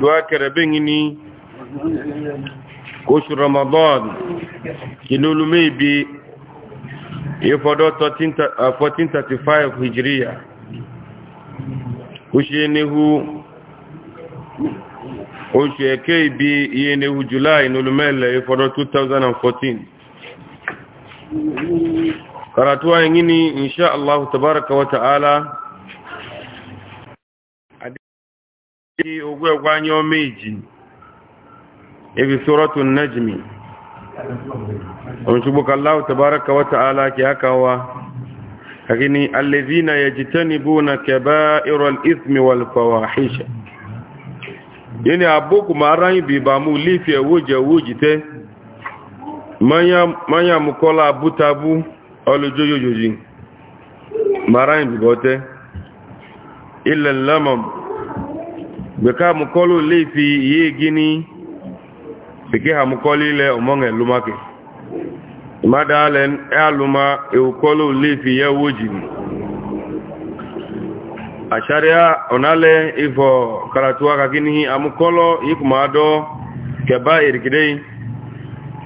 duwa kẹrẹbẹ́yìn ní oṣù ramadan kìlúlù méèbí ìfọdọ́ 1435 hijriya oṣù enehu oṣù ẹ̀kẹ́ ibi iye enehu july ìnúlù mẹ́lẹ̀ ìfọdọ́ 2014 karatuwa yìí ni inṣá allahu tabaraka wa ta'ala ní ogún ẹgbà ní ọmọ èjì ibi sọ́rọ̀tún najmi ọmọṣùgbọ́ka aláwọ̀ tàbáraka wata aláki akawa kàkí ni alèzina ya ji níbú na kẹba irol ismi wal fawahisha yẹni àbókù ma ara yìí bíbá mú lífi ẹwójẹ wójì tẹ́ mọ́nyà ilẹ̀ lọ́mọ̀mù gbẹ̀ká mùkọ́lù lè fi iye gíní pèké àmùkọ́lù ilẹ̀ ọmọ́ngẹ̀ lómákẹ̀ ìmádàálẹ̀ ẹ́àlùmá èwùkọ́lù lè fi yẹ owó jìnì àṣàríà ọ̀nálẹ̀ ìfọ̀ karatuwa kàkíní àmùkọ́lù ikùmàádọ́ kẹba ìrìkìdẹ́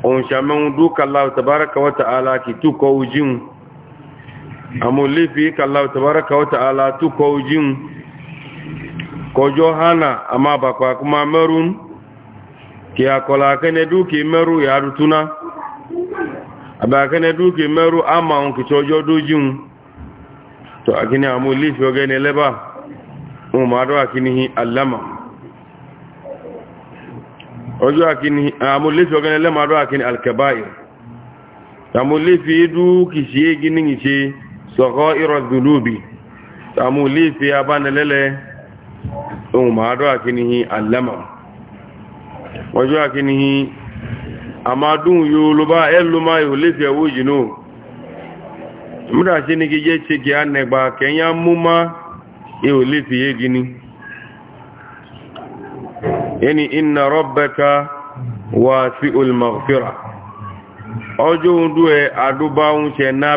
òǹṣàmẹ́hun dúkàlá tàbárakà wátàálà kì túkọ̀ ojíun àmù lè fi kàlá tàbárakà wátàálà túkọ̀ ojíun kojo hana ama bakwa kuma marun ki akola kene duki meru ya rutuna aba kene duki meru ama on kichojo dojun to akini amuli lifi ogene leba o ma do akini hi allama ojo akini amu lifi ogene lema do akini alkabair amu lifi duki shege ningi shi sogo iro dhulubi amu lifi abanelele ohun ma dọ́ àkíníhí alẹ́mà wọ́jọ́ àkíníhí a máa dùn yóò ló bá ẹlò máa yóò lè fi ẹwọ́ ìjìnà múra sí ní kí jẹ́ ṣe kí a nẹgbà kẹyà mú má yóò lè fi yé gini yẹni iná rọ́bẹ̀ka wà sí olùmọ̀fíra ọjọ́ ohun dú ẹ àdúbá ń ṣe náà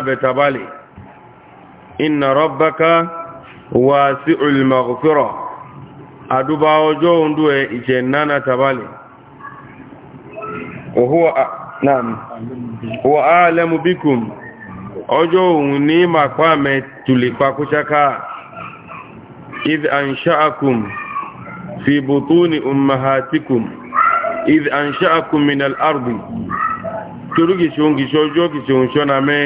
aduba ọjọ́ oúnjú ẹ ìjẹ̀ nánà tàbálì wọ áàlẹ́mù bíkùn ọjọ́ òun ní màpá mẹ́ tùlè pakúṣaká ìdí àǹṣáàkùn fi bùtúni umahatikùn ìdí àǹṣáàkùn minal arbi torí kìṣòun kìṣò ọjọ́ kìṣòun ṣọ́nà mẹ́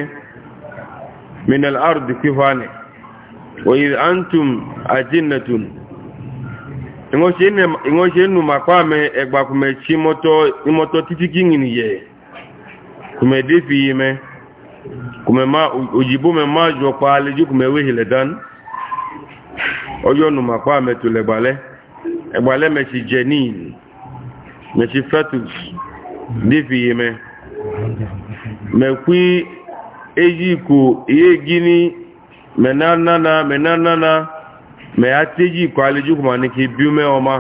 minal arbi kífánẹ̀ wọ ìdí ìwọ́n ṣe nù màpá mẹ́ ẹgbà kùmẹ̀ mọ́tọ́ títí kí yẹ kùmẹ̀ dé fi yí mẹ́ kùmẹ̀ má òjìbó mẹ́ má jọ pa alẹ́jú kùmẹ̀ wéhìlẹ̀ dán ọjọ́ nù màpá mẹ́ tó lẹ̀gbàlẹ́ ẹgbàlẹ́ mẹ́ ti jẹ ní dé fi yí mẹ́ mẹ́ iye gíní mɛ ateji kɔ aliju kuma ni k'i bi ma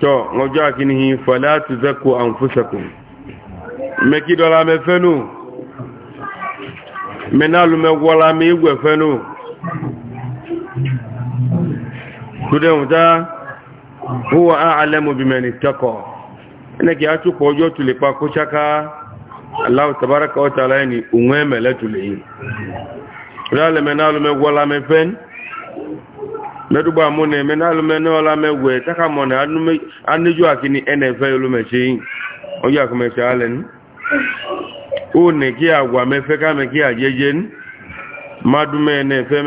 tɔ ŋɔjɔ akini hi fala tuzɛ ko anfusako mɛ k'i dɔ la mɛ fɛn no mɛ n'alu mɛ wɔla mɛ i wɛ fɛn no tudɛnw ta huwa a'lamu bimani takɔ ɛnɛ k'i atu kɔjɔ tule kpa ko saka alahu tabaraka wa taala ni o ŋɛ mɛ mẹ́dúgbà mọ́ ní ẹ̀mẹ́ náà lọ́mẹ́ náà ọlá mẹ́wẹ̀ẹ́ tákà mọ́ ní aníjú àkíní ẹnẹ̀fẹ́ olómẹ̀ṣẹ́ yìí ọjọ́ àkọmẹ̀ṣẹ́ alẹ́ ní ó ní kí àgbà mẹ́fẹ́ káàmẹ́ kí àjẹjẹ́ ní mádúmẹ́ ẹnẹ̀fẹ́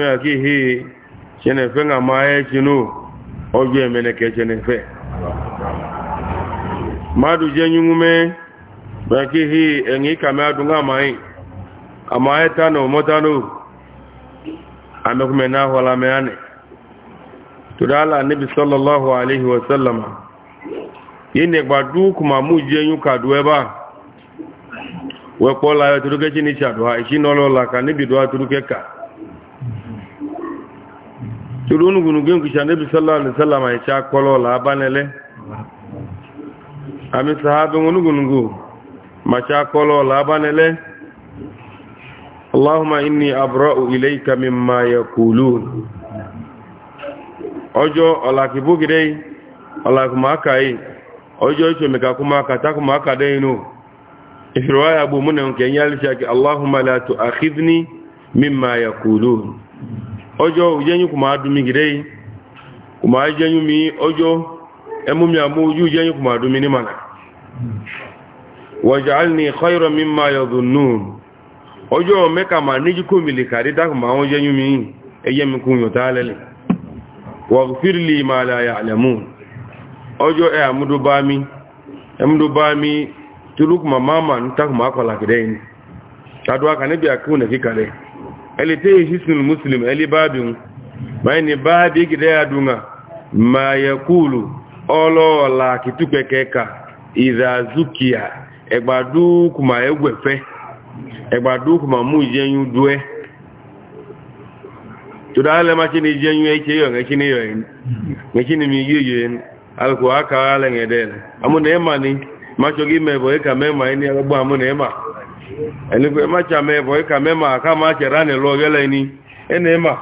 mẹ́wàá amekume nao alameane tudala nabi sallallahu alaihi wasallam yene gbadu kuma muje yun kaduwe ba we pola yo turuke chini chadwa ishino lola ka nabi dua turuke ka turunu gunugen kisha nabi sallallahu alaihi wasallam cha kolola abanele ami sahabe ngunugungu macha kolola abanele اللهم إني أبرأ إليك مما يقولون أجو الله كبوك دي الله كما أكاي أجو إشو مكا كما أكتا كما أكا دينو في رواية أبو منهم كان يالشاك اللهم لا تؤخذني مما يقولون أجو جنيو كما أدو مي دي كما أجنيو مي أجو أمو مي أمو جو جنيو كما أدو مي نمانا وجعلني خيرا مما يظنون ọjọ́ mẹ́ka ma níjú kó mìlì kàrí dákùn ma wọ́n jẹ́yún mi ẹyẹ mi kún yọ̀tá lẹ́lẹ̀ wọ̀fíìrìlì ma láyà àlẹ̀mú ọjọ́ ẹ àmúdó bá mi tìlúkù ma máa ma ń takùn ma muslim ẹlẹ́ bá bí máa ní ma yẹ kúlù ọlọ́ọ̀la kìtúpẹ̀kẹ́ka ìdàzúkìá ẹgbàdúkù ma ẹgbẹ̀fẹ́ ẹgbà dúkù e ma yo ìjẹyún dúẹ́ tó dáálẹ̀ má kí ni ìjẹyún ẹ̀kẹ́ yọ̀ ẹ̀kí ni yọ̀ ẹ̀kí ni mi yíò yọ̀ ẹni alùkò áka alẹ́gẹ̀dẹ̀ amúnà ẹ̀mà ni má ṣọ́gí mẹ́bọ̀ ẹ̀kà mẹ́mà ẹni ọgbọ́n amúnà ẹ̀mà ẹni pé má ṣà ma ẹ̀kà mẹ́mà ká má ṣẹ̀ ránì lọ gẹ́lẹ́ ni ẹni ẹ̀mà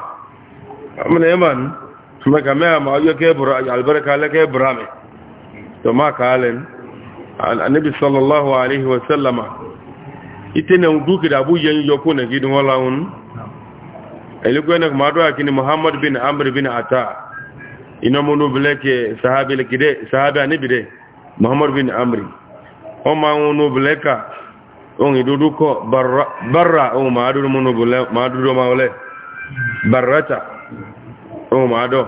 amúnà ma ni mẹ́kà mẹ́mà sallallahu alaihi itene uduki da abu yen yoko na gidin wala un eliko na madu akini muhammad bin amr bin ata ina mono bleke sahabi le kide sahabi ani bide muhammad bin amr o ma wono bleka on idudu ko barra barra o ma adu mono bule ma adu do ma wale barrata o ma do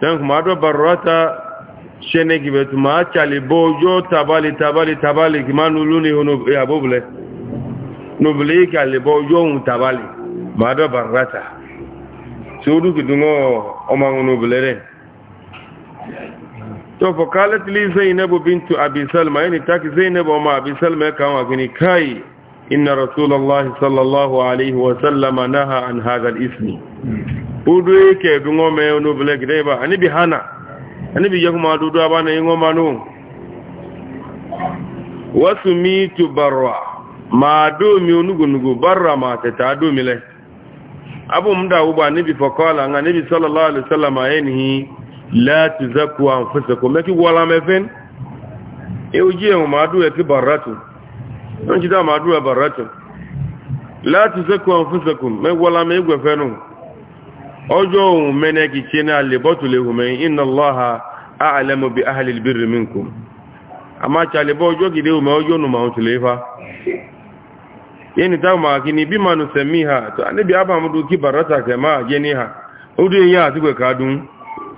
tan ma do barrata shene gibe tu ma chali bojo tabali tabali tabali kimanu luni hono ya bobule nobile yi ka lebɔ yɔnu tabali maa dɔ barata soodu kidunɔ ɔma ŋun nobile dɛ to fɔ k'ale tili zainabu bintu abi salma yini taki zainabu ɔma abi salma kan wa kini kai inna rasulallah sallallahu alaihi wa sallama naha an hadal ismi udu yi ke dunɔ mɛ nobile gidɛ ba ani bi hana ani bi yakuma dudu abana yi ŋɔ no wasu mi tu barwa ma domi onugunugu barra ma tata adomile abu mda uba nibi fokola nga nibi sallallahu alaihi wasallam ayenihi la tuzaku anfusakum meki wala mefen e ujie ma duwe ki barratu non kita ma duwe barratu la tuzaku anfusakum me wala me gwe fenu ojo un meneki chena le botule hume inna allaha a'lamu bi ahli albirri minkum ama chale bo ojo gide ume ojo nu ma otule fa yeni ta ma kini bi manu samiha to annabi aba mudu ki barata kama yeni ha udu ya tuwe kadun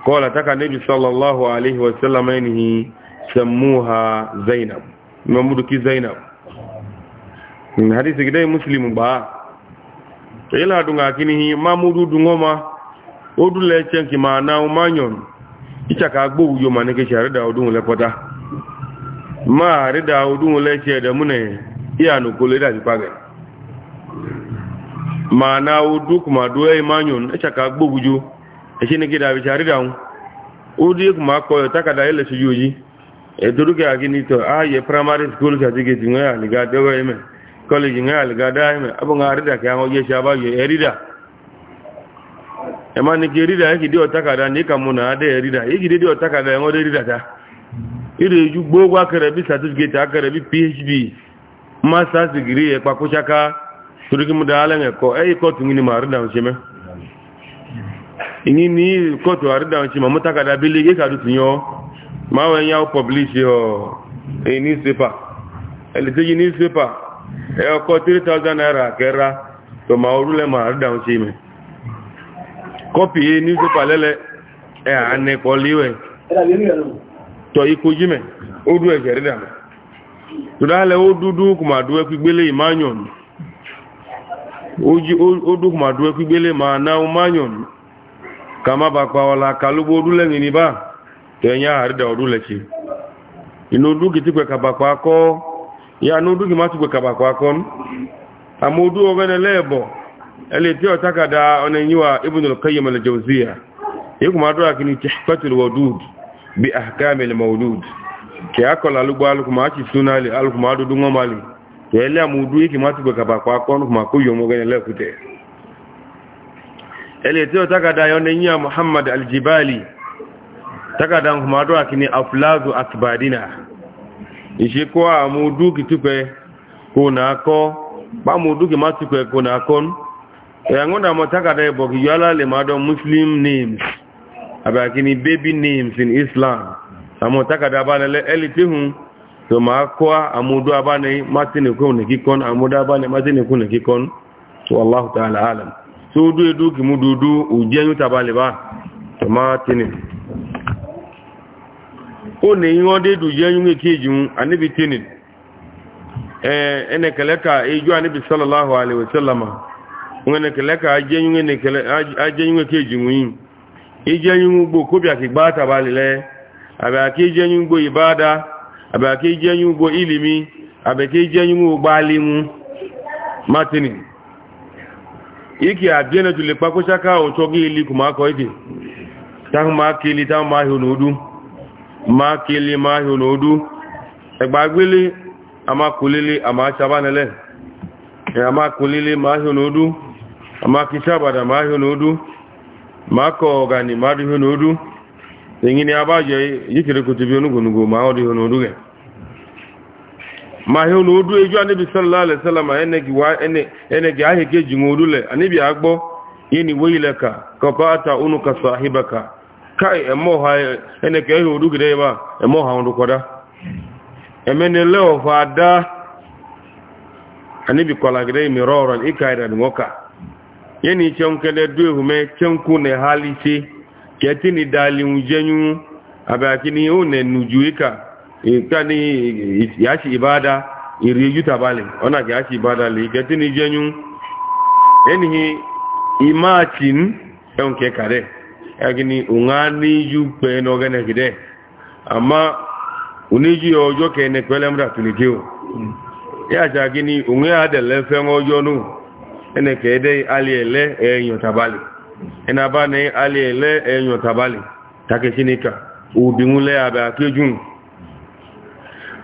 kola taka nabi sallallahu alaihi wasallam sallam yenihi samuha zainab mamudu ki zainab min hadisi gidai muslimu ba to e ila dunga kini mamudu dungoma odu le chenki ma na umanyon icha ka gbo uyo manike sharida odun le pota ma rida odun le che iya nukule da maana wu dukuma duwe manyun echa ka gbuguju echi ni gida bichari da hun udi kuma koyo takada ile su juji e duruke agini to a ah, ye primary school ka jige jinwe a liga dewe ime college nga liga da ime abu nga arida ke ango ye shaba ye erida ema ni ki erida eki diyo takada ni ka muna ade erida eki diyo takada ango de erida ta ire e ju gbogwa kerebi satus gita kerebi phd master's degree e pakuchaka ka turiki mu daala nga e, ko ay eh, ko tungini ma arda on chime ini ni ko to arda on chime mutaka da biligi ka du tunyo ma wa nya publish yo e newspaper ele teji newspaper e ko 3000 naira kera to ma orule ma arda on chime copy e newspaper lele e ane ko liwe to ikujime odu e gerida me tudale du e kuma duwe pigbele imanyonu odúkùnmà dúró pígbélé ma ná o máa yàn ká má bá pa ọ̀la kálógbó odúlẹ́yìn ní bá tẹ̀yìn àrídà odúlẹ̀ṣe inú odúkì tí pẹ̀ kàbàpá kọ́ ya ní odúkì má ti pẹ̀ kàbàpá kọ́ àmọ́ odú ọgbẹ́ni lẹ́ẹ̀bọ̀ ẹlẹ́ tí ọ̀tákàdá ọ̀nà yíwa ibùdó qayyim al-jawziya yíkùnmà dúró àkínú tihfatul wadud bi ahkamil mawlud kẹ́ akọ̀lá alúgbó alùkùnmá ti súnálì alùkùnmá dúdú ngọ́málì yẹlẹ amudu yìí kì máa tùgbẹ̀ kàbà pa kọ́nù kùmà kó yọmọ gẹ́nẹ̀ lẹ́kùtẹ̀ ẹlẹ́ tí ó takada yọ ní yíya muhammad aljibali takada kùmà dọ́ àkíní afúláàzù akibadina ìṣe kọ́ amudu kì tùpẹ̀ kò náà kọ́ pa amudu kì máa tùpẹ̀ kò e, náà kọ́ ẹ̀yàngún dàmọ́ takada ẹ̀bọ̀ kì yọ́lá lè máa dọ́ muslim names àbẹ̀ àkíní baby names in islam àmọ́ takada bá lẹ́lẹ́ ẹlẹ́ tí hùn to ma kowa amudu abane matini ko ne kikon amudu abane matini ko ne kikon to wallahu ta'ala alam so du edu ki mududu ujenyu tabale ba to matini o ne yon de du jenyu ne kejun anibi tinin eh ene kaleka eju anibi sallallahu alaihi wasallam ngene kaleka ajenyu ne kele ajenyu ne kejun yin ijenyu gbo ko bi akigba tabale le abi akijenyu gbo ibada abaka ije nye ugbo ilimi mi ije nye nwe ugbo alimu matini iki abie na tule pa kocha ka o chogi ili kuma ko ide tan ma kili tan ma hi onodu ma kili ma hi onodu egbagbele ama kulili ama chabanele ama kulili ma ama abaje bi ma odi onodu ge ma he na odu eju anabi sallallahu alaihi wasallam enegi wa ene enegi ahe ke ji ngorule anabi agbo yini ka kafata unuka sahibaka kai e, emo ha e, ene ke he odu gide ba emo ha ndu koda emene leo fada anabi kola gide mi roron ikaira ngoka yini chonkele du hume chonku ne halichi ketini dali unjenyu abakini une nujuika ìkànnì ìyáṣì ìbáadá ìrì yútàbálẹ̀ ọ̀nà ìyáṣì ìbáadá lè kẹtí ní jẹ́yú ẹni ìmáàtì ń ẹun kẹkàrẹ̀ ẹgbẹ̀ni òǹá níyú pẹ̀ẹ́nà ọgẹ́nẹ̀gẹ́dẹ̀ àmá oníyí ọjọ́ kẹ́ẹ̀nẹ̀ pẹ́lẹ́mdà tó lè dé o yáàṣà gini òǹá àdẹ̀lẹ́ fẹ́ ọjọ́ nù ẹnẹ̀kẹ́ẹ̀dẹ́ alẹ́ ẹ̀lẹ́ ẹ̀yàn tàbálẹ̀ ẹnabá ní alẹ́ ẹ̀lẹ́ ẹ̀yàn tàbálẹ̀ takẹ́síníkà òbí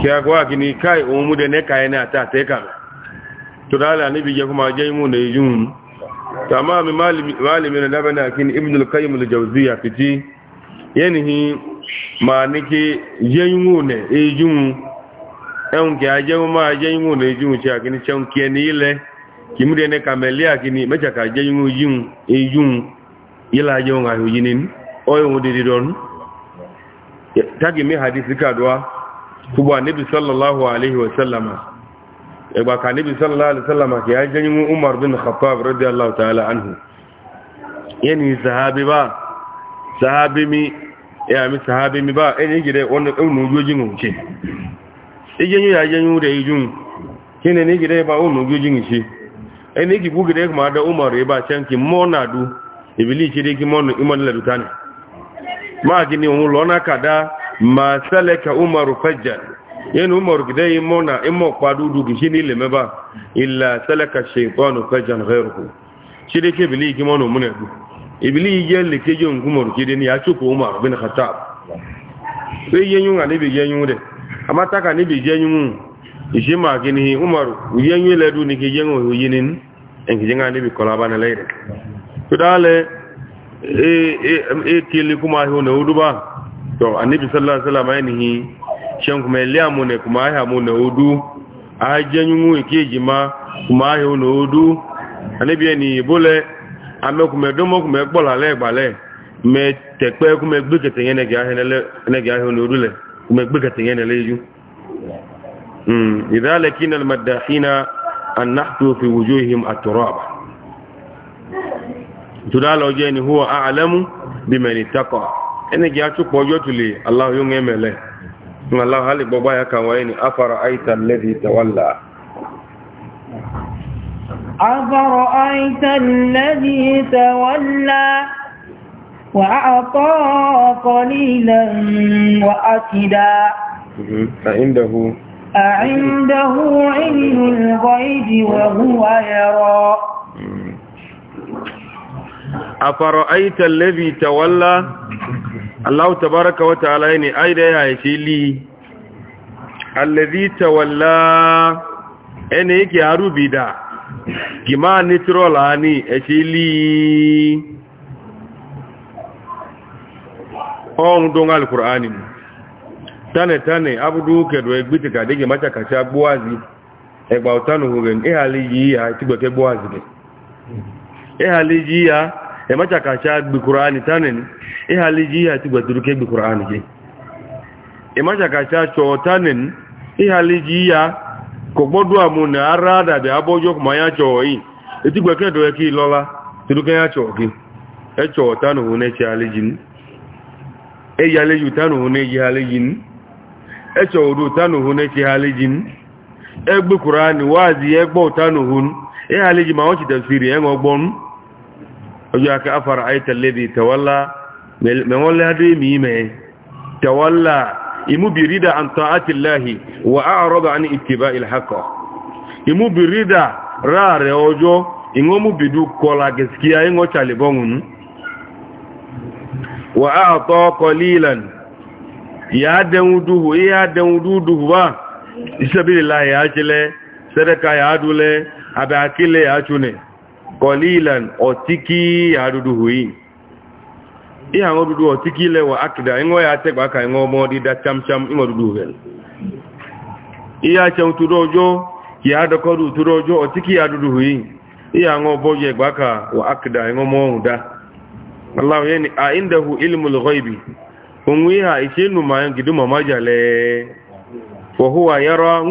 kí a gbọ́ àkíní káì ohun múdẹ nẹ́ka ẹni àti àtẹ́kà tó dáálà níbi jẹ́ fún ma jẹ́ imú na ìjú hun tàmà mi máàlìmí na dábẹ́ náà kíní ibùdó káyé lè jẹ́ àfití yẹ́nìí ma ní kí jẹ́ imú na ìjú hun ẹun a jẹ́ máa jẹ́ imú na ìjú hun ṣe àkíní ṣeun kí ẹni kuba nabi sallallahu alaihi wa sallama egba ka nabi sallallahu alaihi wa sallama ke ya janyi umar bin khattab radiyallahu ta'ala anhu yani sahabi ba sahabi mi ya mi sahabi mi ba eni gide wonu unu jojin unce ijenyu ya janyu da ijun kine ni gide ba unu jojin unce eni ki bu gide ma da umar ba chanki mona du ibili chiri ki monu iman la dukani ma gini unu lona kada ma salaka umaru fajjan yin umaru gidai mona imo kwadudu gishi ni lime ba illa salaka shaitanu fajjan ghairuhu shi dai ke bili gima no muna du ibili yen le ke yin umaru kide ni ya chuko umaru bin khattab sai yen yun ani bi yen yun de amma taka ni bi yen yun ishi ma gini umaru yen yun le du ni ke yen o yinin en ke yen ani bi kola bana leire to to annabi sallallahu alaihi wasallam ainihi shan kuma liya mu ne kuma ya mu ne hudu a hajjen yunwu ke jima kuma ya ne hudu annabi ni bole ame kuma domo kuma gbola le gbale me tepe kuma gbe kete yen ne ga he ne ga he ne le kuma gbe kete yen le ju mm idha almadahina an nahtu fi wujuhihim at-turab tudalo je ni huwa a'lamu bimani taqa ene gi achụpụ ọjọọ tuli allah yong emele ma allah hali gbọgba ya ka wee ni afara aita alladhi tawalla afara aita alladhi tawalla وأعطى قليلا وأكدا فعنده أعنده علم الغيب وهو يرى أفرأيت الذي تولى Allah tabaraka wa ta'ala ne ai da ya yake li allazi tawalla ene yake harubi da kima nitrola ni ake li on don alqur'ani tane tane abudu kedo egbiti ka dege macha kacha gbuazi egba otanu hugen ehali yi ya tigbeke gbuazi ge ehali yi ya ẹ̀mọ́ta kàṣà gbì kùránì tánìní ìhàlì jí àti gbẹ̀tùrú gbì kùránì jí ẹ̀mọ́ta kàṣà ṣọ tánìní ìhàlì jí ya kò gbọ́dọ̀ àmúnà ara dàbí abọ́jọ́ kùmọ̀ yá ṣọ yìí etí gbẹ̀kẹ́dọ̀ ẹ kí lọ́lá tìrúkẹ́ yá ṣọ kí ẹ ṣọ tánìhùn ẹ ṣe ẹ wọ́n ti ojú aka afara aita lebe tawalla mẹ́wọ́n ládé mi mẹ́ tawalla imu bi rida an ta'ati lahi wa a'rada an ittiba il haqqa imu bi rida rare ojo ingo mu bidu kola gaskiya ingo talibon wa a'ta qalilan ya dan duhu ya dan duhu ba isabilillah ya jile sadaka ya dule abakile ya tune kọlílan ọtíkí àdúdú hui ihe àwọn dúdú ọtíkí lẹwà akìdá inwọ́ ya tẹ́gbà aka inwọ́ ọmọ dídá chamcham inwọ́ dúdú rẹ̀ ihe àṣẹun tó dọ́jọ́ kì á dọ́kọ́dù tó dọ́jọ́ ọtíkí àdúdú hui ihe àwọn ọbọ́jọ ẹgbà aka wà akìdá inwọ́ ọmọ ọ̀hún dá aláwọ̀ yẹn ni a indahu ilmu lọ́gọ́ ibi òun ihe àìṣẹ́ nù máa ń gidi mọ̀májà lẹ́ fọ̀húwà yẹ́rọ ń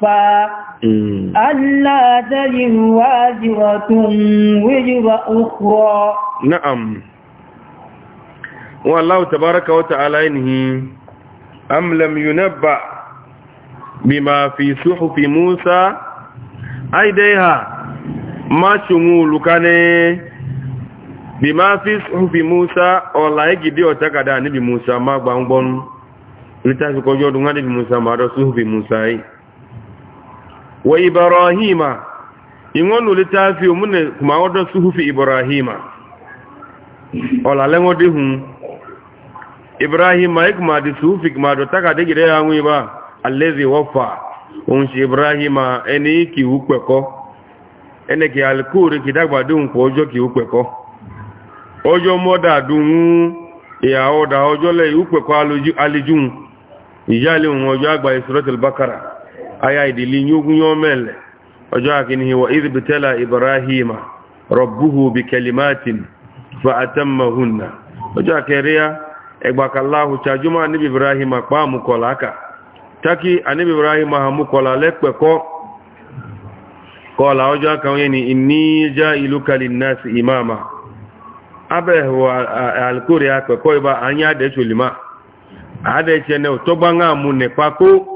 صفا ألا تجر وازرة وجر أخرى نعم والله تبارك وتعالى إنه أم لم ينبأ بما في صحف موسى أيديها ما شمول كان بما في صحف موسى والله يجدي وتكدا نبي موسى ما غبون ريتاسي كوجو دون نبي موسى ما رسول في موسى أي wa ibrahima ingonu litafi umune kuma odo suhufi ibrahima ola lengo de hun ibrahima ikma de suhufi kuma do taka de gire ya ba allazi wafa unshi ibrahima eni ki upeko ene ki alkuri ki dagba dun ko ojo ki upeko ojo moda dun ya oda ojo le upeko alujun ijale un ojo agba suratul bakara aya idili nyugun yomele ojo akini wa idh bitala ibrahima rabbuhu bi kalimatin fa atammahunna ojo akeria egbakallahu chajuma anibi ibrahima pa mukolaka taki anibi ibrahima ha mukola lepeko kola ojo akawye ni inni ja'iluka linnasi imama abehu alkuri akpeko iba anya adetu lima adetu ne otogba nga ne pako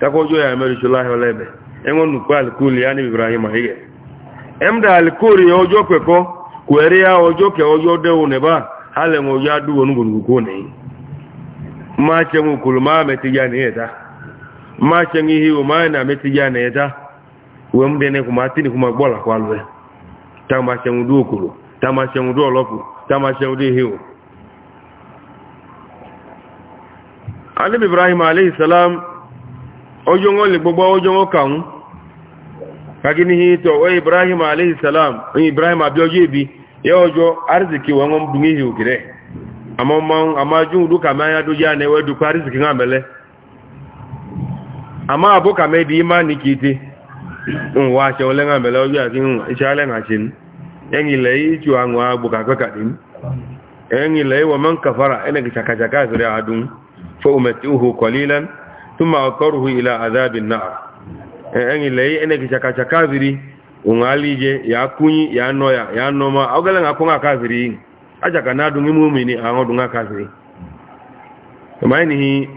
takojo ya mẹ́rin ṣọlá ọlẹ́bẹ̀ ẹwọ́n nùkú alikuli yani ní ibrahim ahiyẹ ẹmdà alikúrì ọjọ́ pẹ̀kọ́ kò ẹ̀rí ya ọjọ́ kẹ ọjọ́ dẹ́wò nẹ̀bá alẹ́wọ̀n ọjọ́ adúwọ̀ nùgbònùgbò nìyí máa ṣẹun kòlù máa mẹ́tí ya nìyẹta máa ṣẹun ihe o máa nà mẹ́tí ya nìyẹta wọ́n mú dẹ́nẹ́ kò máa tí nìkú máa gbọ́là kọ́ alùwẹ̀ tá máa ṣẹun dú òkòlò tá máa ṣẹun dú ọlọ́pù tá máa ṣẹun dú Alim Ibrahim alayhi salam Ojongo le gbogbo ojongo ngo kan kagini hi to o ibrahim alayhi salam ibrahim abioje bi ye ojo arziki wa ngom dungi hi ukire ama ma ama ju du kama ya du ya ne we du arziki ngamele ama abu kama di imani kiti un wa se ole ngamele ojo ati un isale ngachin engi le ju anwa agbo ka kadim engi le wa man kafara ene ki chaka chaka zuri adun fa umatuhu qalilan thumma aqaruhu ila adhabin nar eh, en ile ene ki chaka chaka kafiri ungalije ya kunyi ya noya ya noma ogala nga kunga kafiri aja kana dungi mu'mini ango dunga kafiri tumaini hi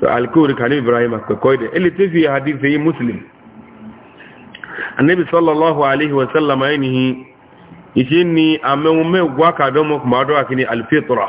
to alkuri kan ibrahim ko koide ile tifi hadithi muslim annabi sallallahu alaihi wa sallam ainihi yishini amemume gwaka domo kumado akini alfitra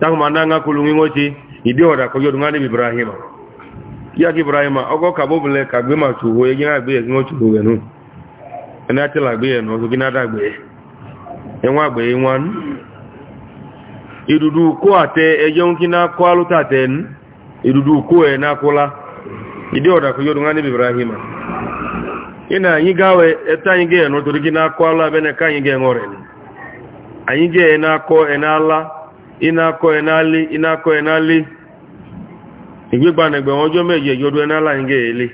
takuma nanga kulungi ngochi idi oda ko yodu ngani ibrahima ya ki ibrahima ogo ka ka gbe ma tu ye ngo nu na ti la gbe no so da gbe enwa gbe enwan idudu ko ate ko idudu ko e na kula idi ko ibrahima ina yi gawe ge to ko ala bene inako enali inako enali igbegbanegbe won jo meje yodo enala nge ele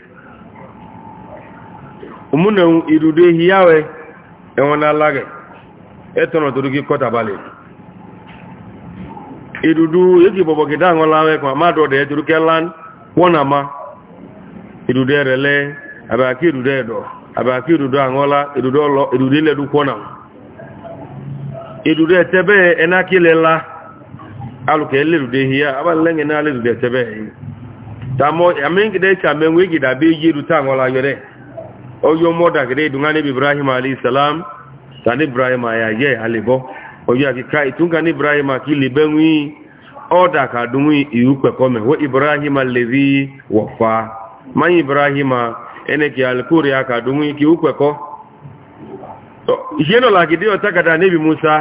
umune irude hiawe ewon alage etono turu ki kota bale irudu yegi bobo ki dango lawe kwa mado de turu kelan wona ma irude rele aba ki irude do aba ki irudu angola irudu lo irudu ledu kwona irude tebe enakilela la alụka elerude ehi ya abalị lenge na alerude tebe ehi tamo amengide chame nwegi da be yiru ta ngola yore oyo moda gede dunga ne ibrahim alayhi salam tan ibrahim ya ye alebo oyo akika itunga ne ibrahim akili benwi oda ka dunwi iupe kome we ibrahim alladhi wafa man ibrahim ene ki alkuri aka dunwi ki upe ko ìṣẹ́nà làkìdí ọ̀tàkàdà níbi musa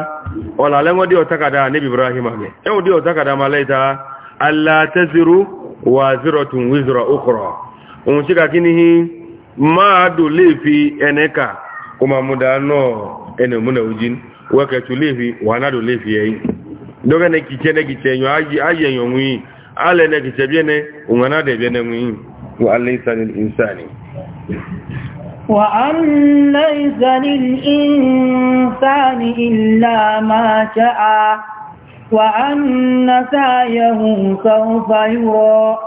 ọ̀làlẹ́wọ́dí ọ̀tàkàdà níbi ibrahim ahmed ẹwọ́n dí ọ̀tàkàdà malaita alátẹ́sirú wà zírọ̀tún wízírọ̀ okòrò ohun ṣíkà kí ní máa dò léèfi ẹnẹ́kà kó ma múdá náà ẹnà múnà ojín wẹ́kẹ̀tù léèfi wà náà dò léèfi ẹ̀yìn dọ́gẹ́nẹ́kìtẹ́ وأن ليس للإنسان إلا ما شاء وأن سعيه سوف يرى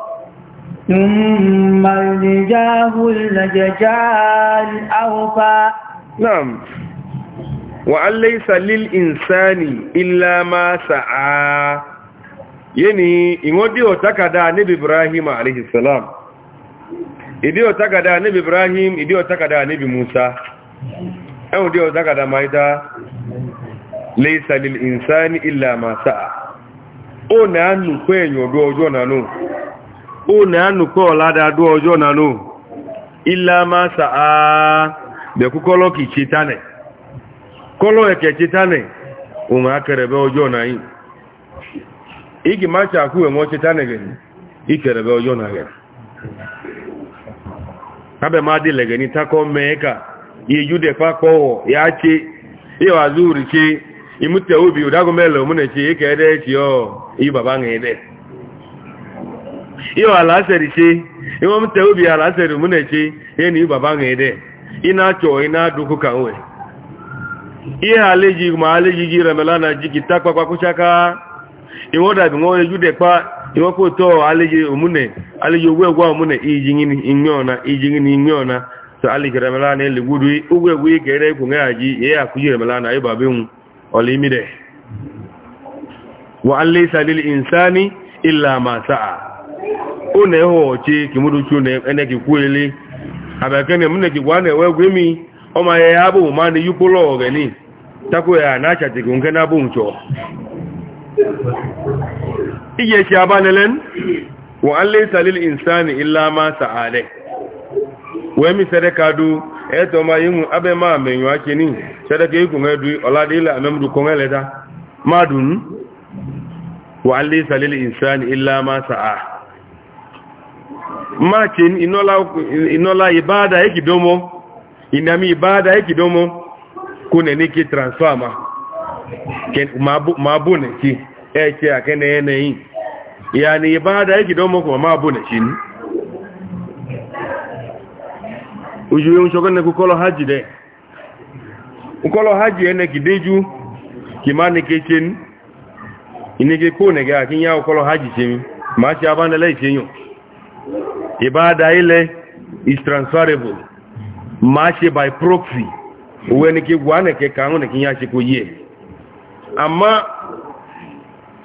ثم يجاه اللججاء الأوفى نعم وأن ليس للإنسان إلا ما سعى يعني إمودي وتكدا نبي إبراهيم عليه السلام ìdí ọ̀tákàdá níbi ibrahim ìdí ọ̀tákàdá níbi musa ẹ̀hùn dí ọ̀tákàdá ma ìdá lẹ́ìsàlì ìsáni ilẹ̀ àmàsà ó nà á nùkọ́ ẹ̀yìn ọdún ọjọ́ nánú ó nà á nùkọ́ ọ̀ládàádọ́ ọjọ́ nánú ilẹ̀ àmàsà bẹ̀kú kọ́lọ́ kì í ṣe tánẹ̀ kọ́lọ́ ẹ̀kẹ̀ ṣe tánẹ̀ òun akẹrẹ̀bẹ̀ ọjọ́ náà yìí kabe madi legeni tako meka yejude pako yachi iyo azuri chi imute ubi udago melo mune chi ikede chi yo i babange ide iyo alaseri chi iyo alaseri mune chi yeni babange ide ina cho ina duku kanwe iye aleji ma aleji jira jiki takwa kwa kushaka iwoda bi ngoye jude pa iwako to alije umune alije uwe gwa umune ijingini inyona ijingini inyona to alije ramalana ile gudu uwe gwi gere ku ngaji ye akuje ramalana ayo babin olimide wa alaysa lil ene kikweli abakene mune kigwane we gwimi oma ye abu mani yupulo ogeni tako ya na chati kungena iye ki len? wa an laysa lil insani illa ma sa'ale we mi sadaka du e to ma yimu abe ma me yo akini sadaka yi kun edu olade ile amemdu kon eleda madun wa an laysa lil insani illa ma sa'a ma kin inola inola ibada yake domo inami ibada yake domo kuna niki transfer ma ken mabu mabu ne ki ẹ̀kẹ́ àkẹ́nà ẹnẹ̀yìn ìyà ni ìbá dá ìgìdọ́ mọ́kọ̀ máa ní ojú yóò ń hajji dẹ̀ kọ́lọ̀ hajji ẹnẹ kì kì máa ní kéṣe ní ìníkẹ́ kó nẹ̀gẹ́ àkíyà kọ́lọ̀ hajji ṣe mi máa ṣe is transferable ṣe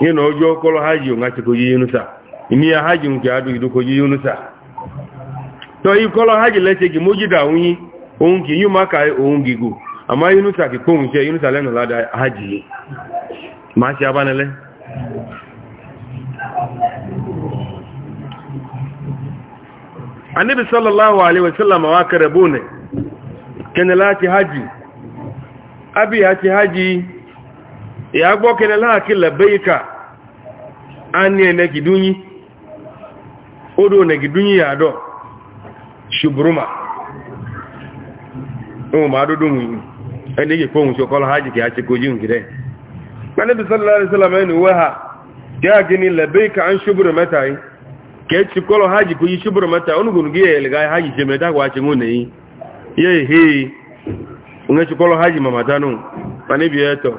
nye na ọjọọ kọlọ ha ji onwe chekwa yi yunusa imi ya ha ji nke adu iduko yi yunusa tọ yi kọlọ ha ji lẹsẹ gị moji da onyi ohun ki yi maka ohun gigo ama yunusa ki kpọnwụ che yunusa lẹnu lada ha yi ma abanele annabi sallallahu alaihi wasallam wa karabu ne kenelati haji abi ya haji ya gbọ́ kẹlẹ̀ láàkí lẹ̀bẹ́ìkà a ní ẹnẹgidunyi odò ẹnẹgidunyi yàdọ̀ ṣuburuma ohun ma dúdú mu ẹni yìí fóhun ṣe kọ́lá hajji kìí ṣe kojú gidẹ mẹ́lẹ́bí sallallahu alaihi wasallam ẹni wẹ́ha jẹ́ àgini lẹ̀bẹ́ìkà ń ṣuburu mẹ́ta yìí kìí ṣe kọ́lá hajji kojú ṣuburu mẹ́ta onugungi ẹ̀lẹ́gá bí ẹ̀tọ́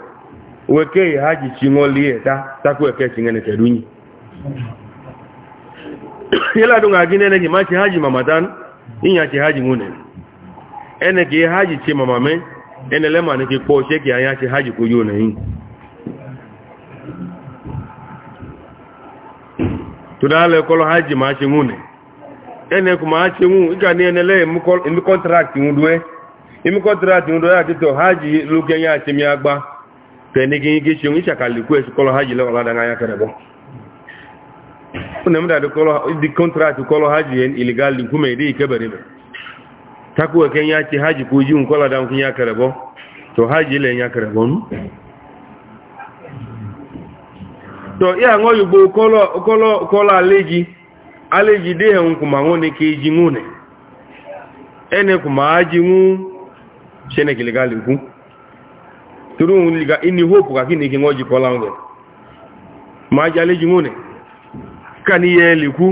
weke ya haji chingoli eta taku eke chingene kedunyi yela dunga ginene ki machi haji mamatan inya chi haji ngune ene ki haji chi mamame ene lema ne ki po sheki anya chi haji kuyune yin tudale kolo haji machi ngune ene kuma achi ngu ika ni ene le imi contract ngudwe imi contract ngudwe ya kito haji luke ya chi miagba penigin igi ṣe oníṣà kàlùkù ẹ̀sù kọlọ hajji lọ́wọ́ ládàá ya kẹrẹ̀bọ́ ọ̀nà mẹ́ta di kọ́ntrátì kọlọ hajji yẹn iligali kúmẹ̀ ìdí ìkẹbẹ̀rẹ̀ mẹ́ takú ẹ̀kẹ́ ya ti hajji kú jíun kọlọ dáun kí ya kẹrẹ̀bọ́ tó hajji ilẹ̀ ya kẹrẹ̀bọ́ nú tọ́ yà ń ọyùgbò kọlọ alẹ́jì alẹ́jì dé ẹ̀hún kùmà wọn ni kí jí ń ẹni kùmà á jí ń ṣẹ́nẹ̀kì iligali kú turu liga ini hope ka kini kingoji ko lawnge ma jale jingune kani yeliku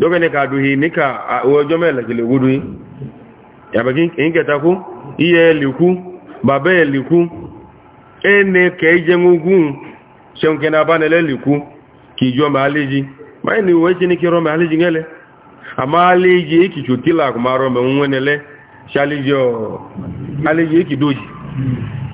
doge ne ka duhi nika ojo mele jile wudu ya bagi inge taku yeliku babe yeliku ene ke jengugun shonke na bane leliku ki jo ma aleji ma ni weje ni kiro ma aleji ngele ama aleji ki chutila kumaro me unwenele shalijo aleji ki doji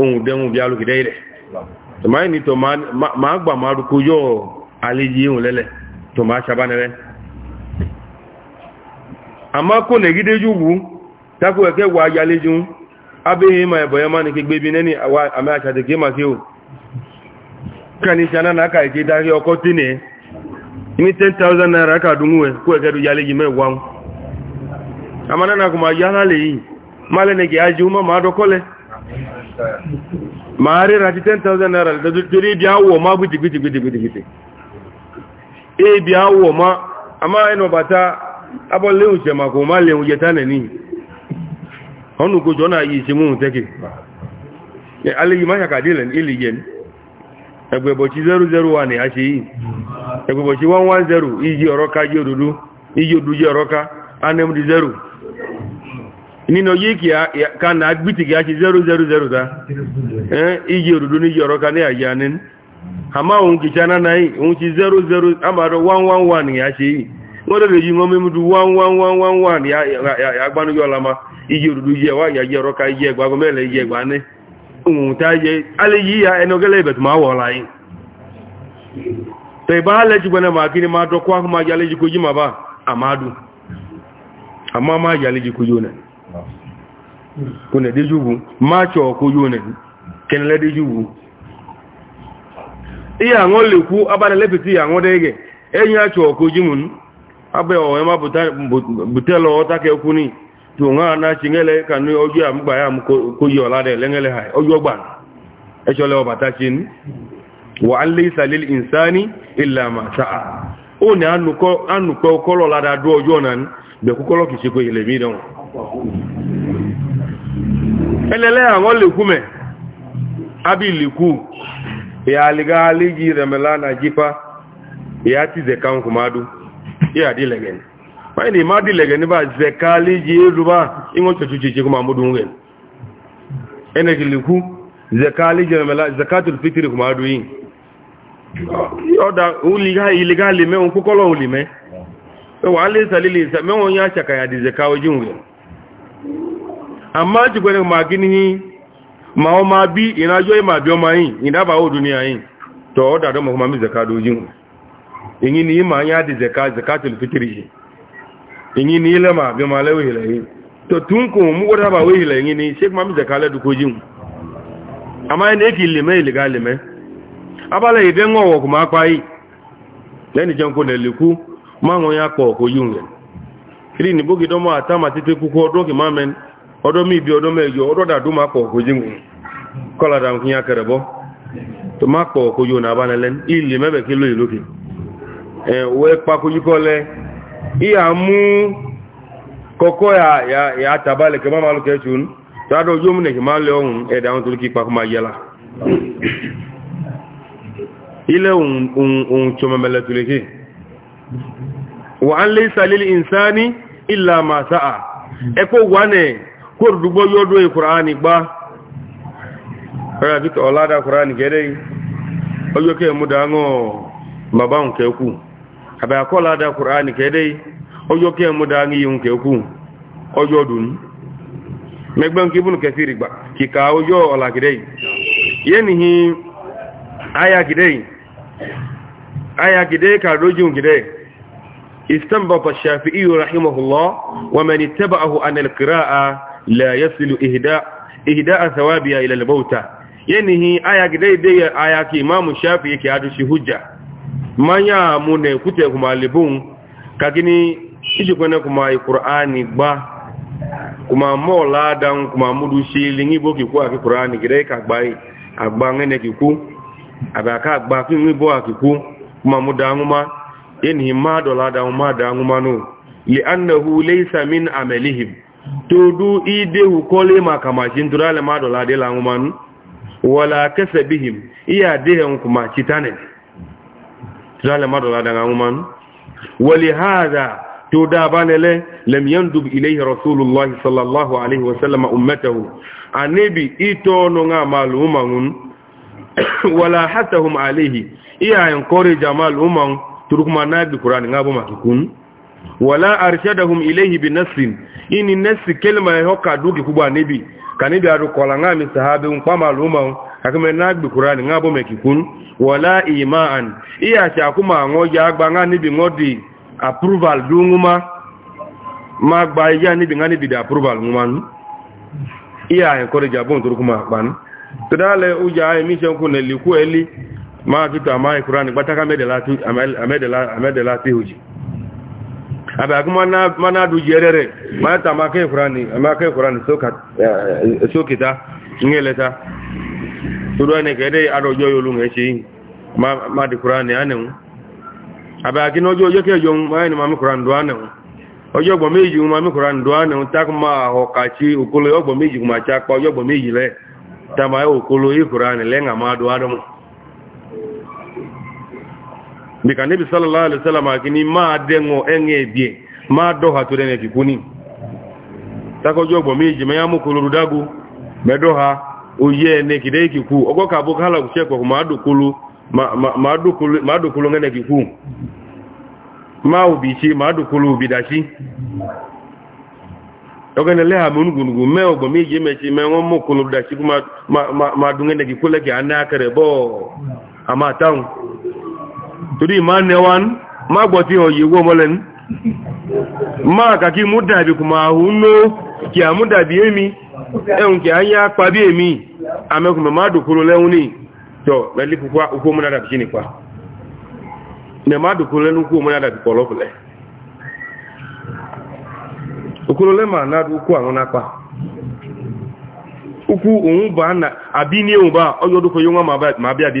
ohun dẹ́hun bí alùkìdẹ́ ilẹ̀ tọ́má ní tọ́ máa gbà máa rúkú yóò aléyí ohun lẹ́lẹ̀ tọ́ máa ṣabánirẹ́ àmá ma ẹ̀bọ̀ yẹn máa ní gbé bí nẹ́ni àmì àṣàtẹ̀kẹ́ máa kí o kàní ṣaná náà kàìké dárí ọkọ́ tí ní ní 10,000 naira kàdúnmù ẹ̀ kó ẹ̀kẹ́ tó yáléjì mẹ́wàá na náà kò máa yálà lè yìí má lẹ́nẹ̀kẹ́ ajé ó má máa dọ́kọ́lẹ̀ máa ríra ti 10,000 naira torí ibi awọ̀ ma e ibi awọ̀ ma a máa ẹnu bàtà abọ́léhùn ṣẹ̀màkùn máa léhùn yẹta nẹ̀ ní ọ̀nà kòjọ́ náà yìí ṣe múhùn tẹ́kì alẹ́yìí máa ṣàkàdé ilẹ̀ yẹn ẹgbẹ̀bọ̀chí 001 ni a ṣe yìí ẹgbẹ̀bọ̀chí 110 iye ọ̀rọ́ká iye òdòdó iye òdòdó ọ̀rọ́ká anẹ́mdì 0 nínú yí kí ká náà ka kí a zero 000 ta iji òdòdó ní yọ̀rọ̀ ká ní àyà ní àmá òun kì ṣáná náà òun ti 00 àmàrọ̀ 111 ni a ṣe yìí wọ́n lè yí one ya 1111 ni agbánúyọ́ ọlama iji òdòdó yẹ wá ìyà yọ̀rọ̀ ká yẹ ẹgbà mẹ́lẹ̀ yẹ ẹgbà ní òun tá yẹ alẹ́ yí ya ẹni ọgẹ́lẹ́ ìbẹ̀tù máa wọ̀ láyé tẹ̀bá ma ma ma kone dejugu macho ko yone ken le iya ngo abana ya ngo dege enya cho ko jimun abe o ma buta butelo ta ke kuni to nga na chingele kanu oju am gba ya ko yo la de lengele hay oju gba e cho le o bata chin wa lil insani illa ma sa'a o ni anu ko anu ko ko lo la da do oju onan be ku ko lo ki se ko elele àwọn lekume abi leku ya aliga aliji remelana jipa ya ti zekan kumadu ya di legen fa ni ma di legen ba zekali ji ruba ingo chuchuchi kuma mudun gen ene leku zekali jeremela zakatul fitri kumadu yin ọ̀dà ìlégálì mẹ́wọ̀n kókọ́lọ̀ olìmẹ́ wà lè sàlélè mẹ́wọ̀n yá ṣàkàyà dìzẹ̀ká ojú rẹ̀ amma ji gwanin magini ma o ma bi ina jo ma bi o ma yin ina ba o duniya yin to o da do mo ma mi zakado jin ni ma ya di zakat zakatul fitri yin ni le ma bi ma le wi le to tun ko mu wada ni sheik ma mi zakala du ko jin amma ne ki le me le ga le me abala ide ngo wo ko ma pa yi leni jan ko ne ọdọ mi bi ọdọ mẹjọ ọdọ dàdú máa pọ̀ kò jíngùn kọ́lá dàmù kí n yá kẹrẹ bọ́ tó máa pọ̀ kò yóò nà abánilẹ́ ilé mẹ́bẹ̀ kí lóyè lókè ẹ̀ wọ́n pa kojú kọ́ lẹ ìyá mú kọ́kọ́ yà tàbálẹ̀ kẹ́ máa lókè tún tàdọ̀ yóò mú nẹ̀kì máa lẹ ọ̀hún ẹ̀dà àwọn torí kí pa kó máa yẹla ilé lè kí ìsáni ìlà màsáà wà náà kóòdùgbò yóò dó ìkùránì gbá ẹ̀rẹ́ àbíkà ọ̀ládà kùránì gẹ́rẹ́ ọjọ́ kẹ́ mú dáńgọ́ bàbá ń kẹ́kù àbẹ̀ àkọ́ládà kùránì gẹ́rẹ́ ọjọ́ kẹ́ mú dáńgí ń kẹ́kù ọjọ́ dùn mẹ́gbẹ́n kí bùn kẹfì rí gbà kìkà la yasilu ihda ihda thawabiha ila al-mauta yanihi aya gidaide aya ki imam shafi yake adushi hujja manya mune kute kuma libun kakini ishi kwene kuma qur'ani gba kuma mola dan kuma mudu shi lingi boki kwa ki qur'ani gidai ka gba agba ngene kiku abaka agba ki ngi bo akiku kuma mudanguma yanihi ma dola dan ma danguma no li annahu laysa min amalihim todo idehu kole maka mashin durale madola de languman wala kasa bihim iya dehen kuma citane durale madola da languman wali hada to da banele lam yandub ilayhi rasulullahi sallallahu alaihi wa sallam ummatahu anabi ito no nga malumun wala hatahum alaihi iya encourage malumun turkuma nabi qur'an ngabo makikun wala arshadahum ilayhi bi nasrin ini nesi kelima ya hoka duki kubwa nibi kanibi arukola ngami sahabi mpama luma akime nagbi kurani ngabo mekikun wala imaan iya cha kuma ngoja agba nga nibi ngodi approval dunguma magba iya nibi nga nibi da approval nguman iya encourage abon turukuma ban tudale uja ay mission kuneli kweli ma kitu amai kurani bataka medela amedela amedela tihuji mana du jerere mana ta make qurani make qurani soka sokita ngeleta turwa ne gede ado jo yolu ngeshi ma ma di qurani anu aba ki no jo jo ke jo ma ni ma mi qurani do anu ojo gbo mi ji ma mi qurani do anu ta ma ho ka chi ukulo ogbo mi ji ma cha pa ojo gbo mi ji le ta ma ukulo i qurani le nga ma do anu bika nebi sallallahu alaihi wasallam akini ma dengo enge bie ma do hature ne kikuni tako jogbo meji me yamu kuluru dagu medo uye ne kide kiku ogo ka bo kala ku cheko ma do kulu ma ma do kulu ma do kulu ngene kiku ma ubichi ma do kulu bidachi ogo ne leha mun gunugu me ogbo meji mechi me won mu kulu kuma ma ma, ma dungene kikule ki anakare bo ama taun torí ma nẹwan ma gbọ́tí ọ̀yí wọ́n mọ́lẹ̀ ní ma kàkí mú dàbí kùmà àhúnlò kí a mú dàbí èmi ẹ̀hùn kí a yá pa bí èmi amẹ́kùnmẹ̀ má dùkúrò lẹ́hùn ní tọ́ pẹ̀lú kúkú mú dàbí nípa nẹ ukwu òun bá ọjọ́ dúkọ wọ́n bí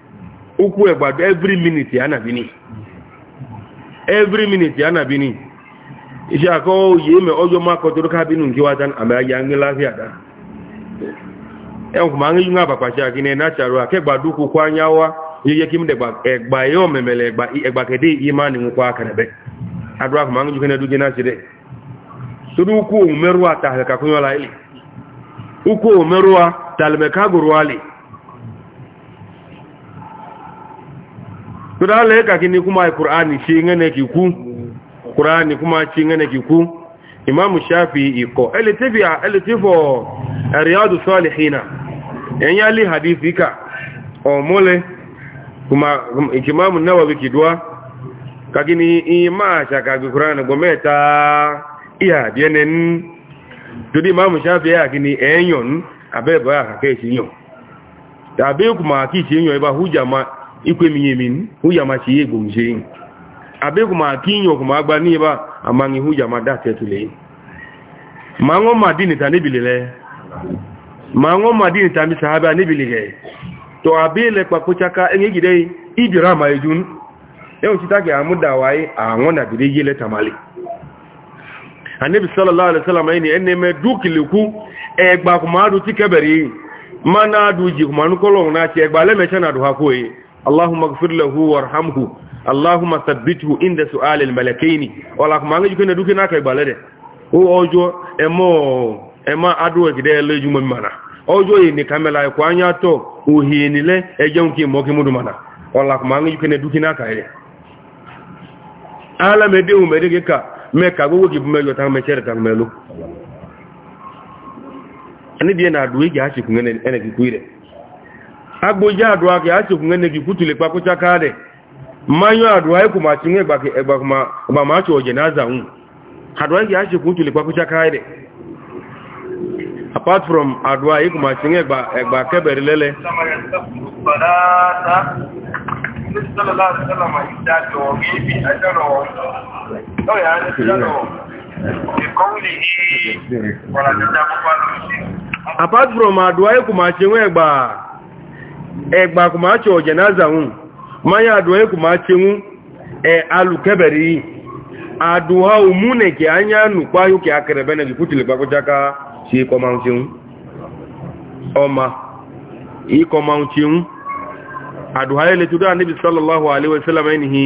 ukwu egbado every minute ya nabini every minute ya nabini iṣẹ́ àkọ́ òye mẹ́ ọjọ́ máa kọjọ́ kábínú kí wá tán àmì ayé ń láfí àdá ẹ̀kùn máa ń yíwá àpàpàṣẹ àkíní ẹ̀ náà ṣàrò àkẹ́gbàdúkú kó ányá wá yíyẹ kí ẹgbà yóò mẹ̀mẹ̀lẹ̀ ẹgbàkẹ́dẹ́ yìí máa nìwọ̀n kó akẹrẹ̀bẹ́ adúrà kùn máa ń yíwá dúkẹ́ náà ṣe dẹ̀ torí ukú òun tuda le kaki kini kuma qur'ani shi ngene ki ku qur'ani kuma shi ngene ki ku imam shafi'i ko elitifa elitifo riyadu salihina yan yali hadisi ka o mole kuma imam nawawi ki duwa ka kini ima sha ka qur'ani gometa iya bienen tudi imamu shafi ya kini enyon abeba ka ke shi yon tabe kuma ki shi yon hujama ikwe minye ma ci yego mje abe kuma kinyo kuma agba ni ba amangi huya ma da tetule mango madini ta nibilele mango madini ta mi sahaba nibilige to abe le pa ko gide ibira ma ejun e o sita ke amuda wai awon na bide yele tamale annabi sallallahu alaihi wasallam ni enne me dukiliku egba kuma tikebere mana ji kuma na ti egba le mecha na du اللهم اغفر له وارحمه اللهم ثبته عند سؤال الملكين اللهم انجي كنا دوكنا كاي بالده او اوجو امو اما ادو كده لجو ممنا اوجو يني كاملا كوانيا تو وهيني له اجون كي موكي مودو منا اللهم انجي كنا دوكنا كاي ala mede o mede ka me ka gogo ki bumelo tan me chere tan melo ani bi na duwe ga chi kunene ene ki kuire agbójá àdúwà kí a ṣe kún ẹnẹ́gì kútù lè pakúta káàdẹ̀ mayọ́ àdúwà ẹkù máa ti rẹ̀ ẹgbà máa ṣe ọ̀jẹ̀ náà zàun àdúwà kí a ṣe kútù lè pakúta káàdẹ̀ apart from àdúwà ẹkù máa ti rẹ̀ ẹgbà kẹbẹ̀rẹ̀ lẹ́lẹ́ apart from àdúwà ẹkù máa ṣe rẹ̀ ẹgbà ẹgbà kò máa ṣọ jẹ̀náza hùn máa yà àdùn ẹkù máa ṣe hún ẹ alùkẹ́bẹ̀rẹ̀ yìí àdùn ha ò múnẹ̀ kí a ń yá nù a kẹrẹ̀ bẹ́ẹ̀ nẹ̀bí kútìlẹ̀ pàkójáká ṣe ikọ̀ máa ń ṣe hún ọmọ ikọ̀ máa ń ṣe hún àdùn ha ilẹ̀ tó dáa níbi sallallahu alaihi wasallam ẹnihi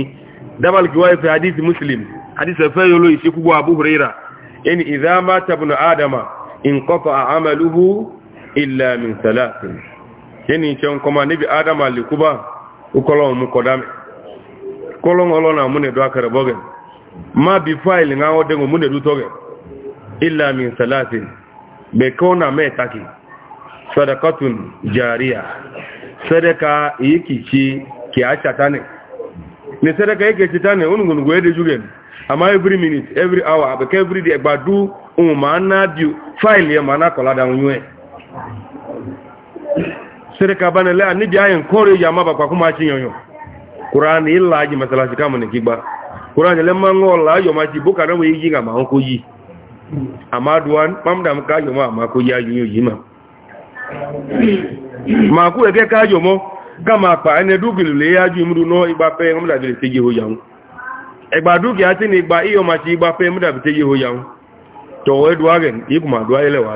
dabal kí wáyé fẹ́ hadith muslim abu huraira ẹni ìdá má tabùnà adama in min salatin e ni nkọ́má níbi adam alikuba ukọ́lọ́ ọ̀mú kọ́dámẹ́ kọ́lọ́ ńlọ́ náà múnẹ̀dọ́ akẹrẹ bọ́gẹ̀ má bí fáìlì ńlá ọdẹ ńlọ múnẹ̀dọ́ tọ́gẹ̀ ilà mi sàlàtì bẹ̀kọ́ náà mẹ́ẹ̀tàkì sadakatun jariya sadaka èyí kì í ṣe kì á sadaka kì every minute every hour every day shirka bana la nibi ayin kore ya ma bakwa kuma cin yoyo qur'an illa aji masalasi kama ne kiba qur'an le mango la yo ma ji buka na yi ga ma ko yi ka ma ko ya yi ma ma ku ege ka yo mo kama pa le ya mru no pe bi ho egba dugi ati ni igba iyo ma ji igba pe bi ho to we wa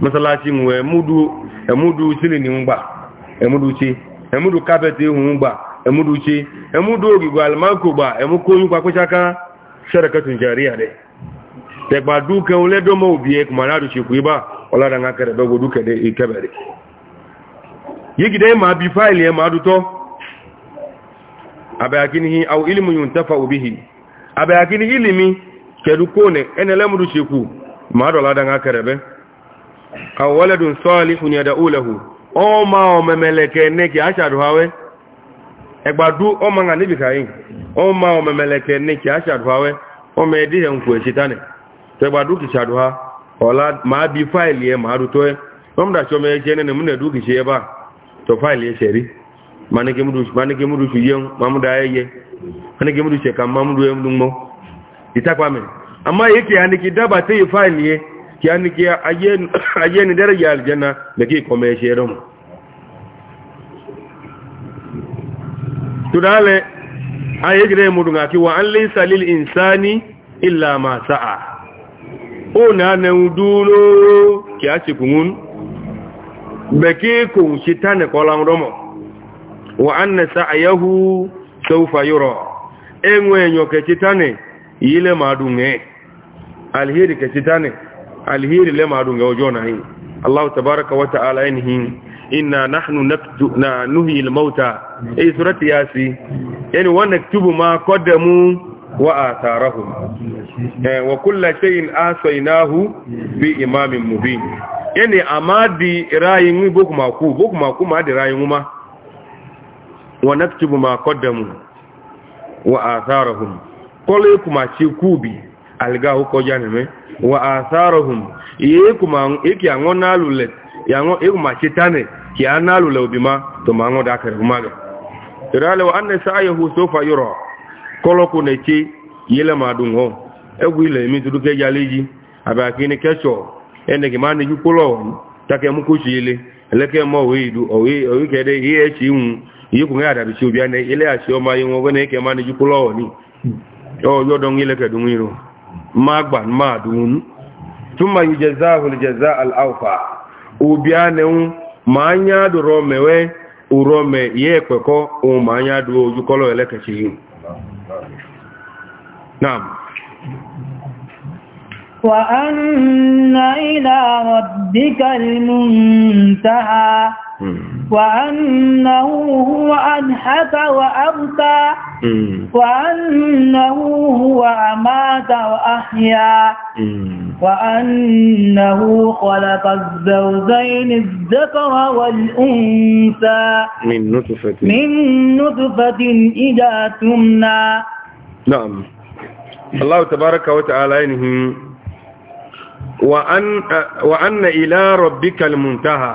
masalasi mu emudu emudu silini ngba emudu chi emudu kapeti ihu ngba emudu chi emudu ogigo alimanko gba emuko onye kwakwụchaka sharakatun jariya de tegba duke ole domo obie kuma na ruchekwu iba olara nga kere dogo duke de ikebere yigide ma bi faili ya e ma aduto abayakinihi au ilimu yuntafa ubihi abayakini ilimi kedu kone enele mudu chekwu ma adola da nga kerebe aw waladun salihun yad'u lahu o ma o memeleke ne ki ashadu hawe egbadu o ma nga nibi kayin o ma o memeleke ne ki ashadu hawe o me di hen ku shitane to ma bi file e e e ye ma ru to o mda cho me je ne mu ne du ki she mamuda ye manike mu mo itakwa me amma yake aniki daba file ye yani ke ayen daraja aljanna da ke kuma ya shere mu tudale aye gire mu dunga ki wa an laysa lil insani illa ma sa'a o ne udulo ki a ci kunun beke ko shitane ko lan romo wa anna sa'yahu sawfa yura enwe nyoke shitane ile madunge alheri ke shitane alheri lema dunga ojona hii Allah tabaraka wa ta'ala inhi inna nahnu naktu na nuhi al-mauta ay surati yasi yani wa naktubu ma qaddamu wa atharahum eh, wa kullu shay'in asaynahu bi imamin mubin yani amadi rayin boku maku boku maku ma da rayin ma wa naktubu ma qaddamu wa atharahum qulu kuma ci kubi aliga ụkọ ya na-eme wa atharohum ihe eki aṅụ n'alụle yaṅụ ịkụma chitane ki a n'alụle obima to ma aṅụ dakere kuma ga irale wa anna sa'ayahu sofa yuro koloku ne ci yele ma dun ho egwu ile mi tudu ke jale ji aba kini kecho ene ki mani ju kulo take mu ku ci ile leke mo we du o we o ke de ihe ci un yi ku ga bi ci obi ane ile a o ma yi won ne ke mani ju kulo ni o yo don ile ke ma gba ma dun tuma yi jazahu aljaza alawfa ubianun ma nya do romewe urome ye peko o ma nya do oju kolo elekechi yi naam wa anna ila rabbika almuntaha hmm. وأنه هو أنحت وأبقى وأنه هو أمات وأحيا وأنه خلق الزوجين الذكر والأنثى من نطفة من نطفة إذا تمنى نعم الله تبارك وتعالى إنهم وأن, وأن إلى ربك المنتهى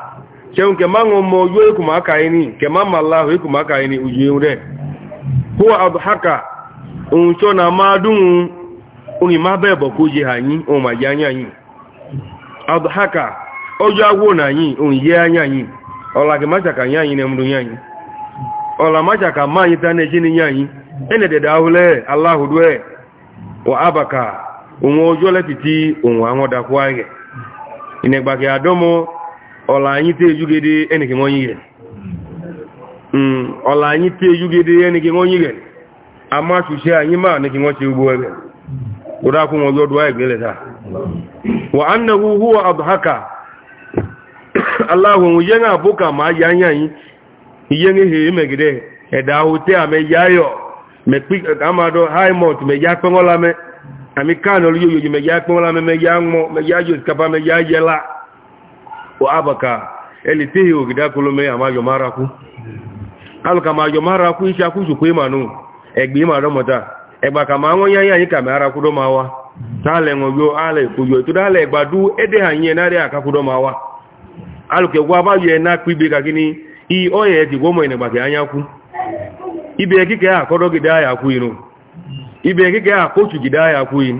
chewu nke ma ṅụ mma ojuo ekum aka ini nke ma mma allahu ekum aka ini ujuo re huwa adhaka uncho na madun ungi mabe bo kuji ma janya yi adhaka ojo agwo na yi un ye anya yi ola ke macha ka yanyi ne mdu yanyi ola macha ka ma yi tane jini yanyi ene de dawule allahu dwe wa abaka unwo ojo adomo ọla anyị te ejugede enike onye ihe hmm, ọla anyị te ejugede enike onye ihe ama chuche anyị ma nike nwache ugbo ebe kụrụ akwụ nwa gị ọdụ anyị gbele taa wa annahu huwa adhaka allahu onwe yenga abuka ma ya anya anyị yenga he emegide Ede me ẹ̀dà ahùtẹ́ àmì yáyọ̀ àmàdọ̀ haimot mẹ̀yà pẹ́wọ́lámẹ́ àmì káànà olóyòyò mẹ̀yà pẹ́wọ́lámẹ́ mẹ̀yà mọ́ mẹ̀yà yóò kapa mẹ̀yà yẹlá abaka eni ti hi ogida kulume amajo maraku alka majo maraku isha kuzu ku imanu egbi imaro mota egba ka ma won yan yan ka mara ku do ma wa ta le won yo ale ku yo tu da le egba du ede han yen na re aka ku do ma wa aluke wa ba ye na ku ibe ka gini i oye ti wo mo ina gba ti anyaku ibe ki ke akodo gida ya ku iru ibe ki ke akotu gida ya ku iru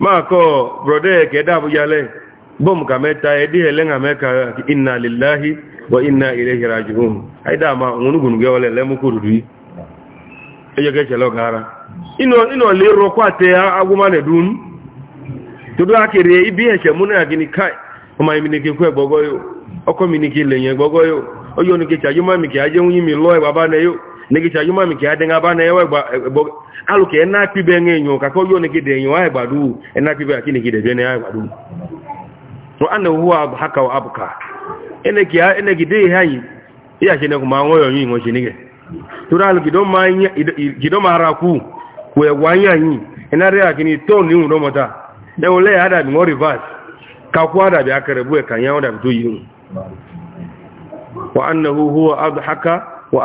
mako brode ke da bu yale bom ka meta edi elenga meka inna lillahi wa inna ilaihi rajiun aida ma ngunugun ge wale le mukuru dui eje ke chelo gara ino ino le ro kwate aguma ne dun tudu akire ibi eche muna gini kai oma mi ni ke ku egbogo yo oko mi ni ke le yen egbogo yo oyo ni ke chayo ma mi ke aje unyi mi lo e baba ne yo nigita yuma mi kia denga bana yewe gbo eh, alu na pibe ngenyo kako yo ne kide nyo ay gbadu na pibe akini kide bene ay gbadu to anna huwa haka wa abka ene kia ene gide hayi iya shine kuma ngoyo yin ngo shinige turalu kidoma kidoma haraku kwe wanya yin ena re akini to ni undo mota de ole ada mi reverse e ka ku ada bi akare kan da to yin wa annahu huwa adhaka wa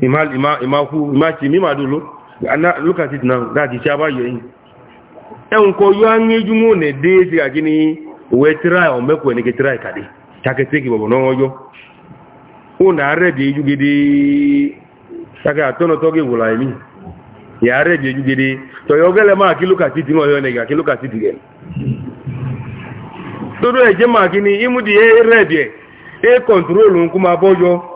ima ima ima hu ima ti mi look at it now that is aba yo yin e nko yo ne de agini we try o meko ne ke try kade yo o na ready ju gidi take atono toge wula mi ya ready ju gidi to yo gele ma ki look at it mo yo ne ki look at it again todo e je ma kini imudi e ready e. e control nku ma bojo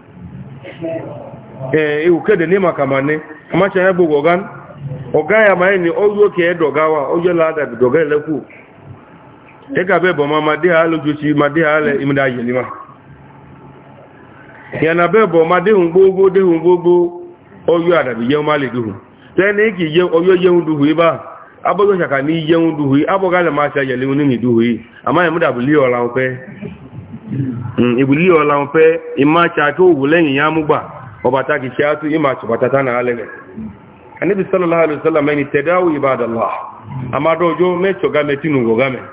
ee eh, iwu kede ni maka mane amacha ya bụ ọga ya ma ni oyo ke edogawa oyo la da doga leku e ka be bo ma de ha lojo ma de ha imida imda Yana ma be bo ma de hun gogo de ye ma le duhu te ni ki ye oyo ye duhu iba abogo shaka ni ye hun duhu Mm, ìbùlí ọ̀la ń fẹ́ ìmá ṣàkó òwò lẹ́yìn ya mú gbà ọbàtà kì ṣe átú ìmá ṣùgbàtàtà náà lẹ́lẹ̀ anábì sallallahu alaihi wasallam ẹni tẹ̀dáwò ibadallah amádọ́jọ́ mẹ́ṣọ́ gámẹ́ tínú gọ́gámẹ́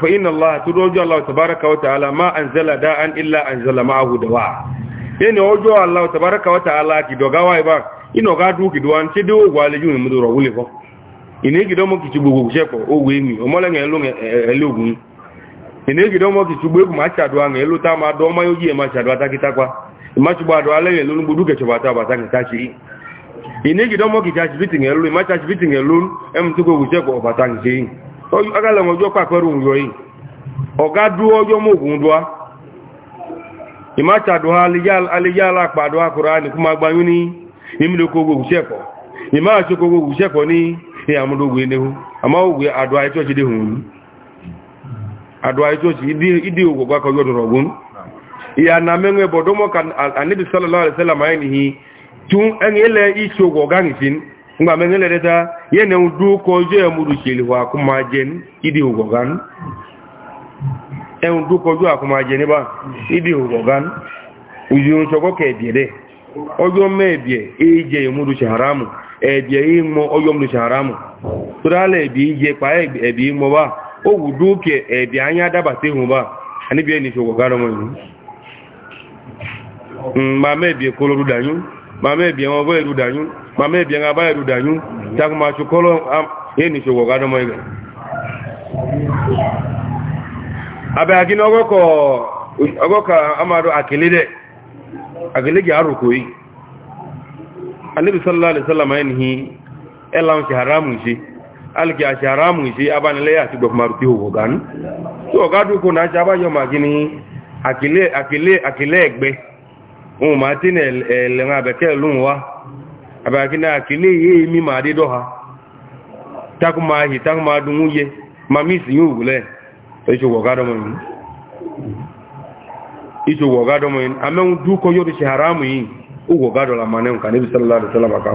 fa inna allah tó dọ́jọ́ allah tabaraka wa ta'ala ma anzala da'an illa anzala ma'ahu dawa yẹni ọjọ́ allah tabaraka wa ta'ala kì dọ̀gáwà ibà inú ga dúkì duwan tí dé ògùn alẹ́jú ìmúdọ̀rọ̀ wúlẹ̀ fọ́ ìní kì dọ́mọ́ kì ti gbogbo ṣẹ́kọ̀ ó wé mi ọmọlẹ́yìn ẹlógún enegide mọk chugbo egwu machado ahụ elụta ma adụ ọma ya oji emachado atakịtakwa machugbo adụ ala ya elolu gburu kechebata abata nkechachi inegide mọk chachibitin elu imachachibitin elu emtukwa ogwuche kwa ọbata nke yi agala nwe ọjọọ kpakpere nwụrọ yi ọga duo ọjọọ mogwu ndụa imachado ha alịya ala akpa adụ akụrụ anyị kuma gbanyu ni imilokwu ogwu ogwuche kwa imachokwu ogwu ogwuche kwa ni ya amụrụ ogwu enehu ama ogwu adụ anyị chọchidehụ adwa chochi idi idi ugwa rogun ya na menwe bodomo kan anabi sallallahu alaihi wasallam ayni hi tun an ile icho ugwa gani tin ngba menwe le ye ne udu ko je chili wa jen idi e udu ko ju akuma jen ba idi ugwa gan uyu choko ke dire ojo haramu ebie haramu bi je pa ebie ba ó wù dókè ẹ̀dì anyá dábàtí hùn bá níbi ẹni ṣòwò gánàmọ́ ìlú ma mẹ́bí kóló rúdàyún ma mẹ́bí ẹwọ́n bọ́ ìrúdàyún ma mẹ́bí ẹwọ́n bá ìrúdàyún takumaṣu kọ́lọ́ ẹni ṣòwò gánàmọ́ ìlú abẹ́ àkínú yìí alẹ́bìsọ́lá alẹ́sọ́lá máa ṣe alìkì àti àrámù ìṣe abánilẹ́yà àti gbọ̀kùnmarù tí òwò gánú tí ọ̀gá dúkò náà ṣe abáyọmà gí ní àkílẹ̀ ẹgbẹ́ ohun máa tí ní ẹ̀lẹ̀wọ̀n àbẹ̀kẹ́ lóhun wá àbẹ̀kí náà àkílẹ̀ yìí mi máa dé dọ́ha tákù máa hì tákù máa dùn yẹ máa mí ìsìn yóò wùlẹ̀ ìṣòwò ọ̀gá dọ́mọ yìí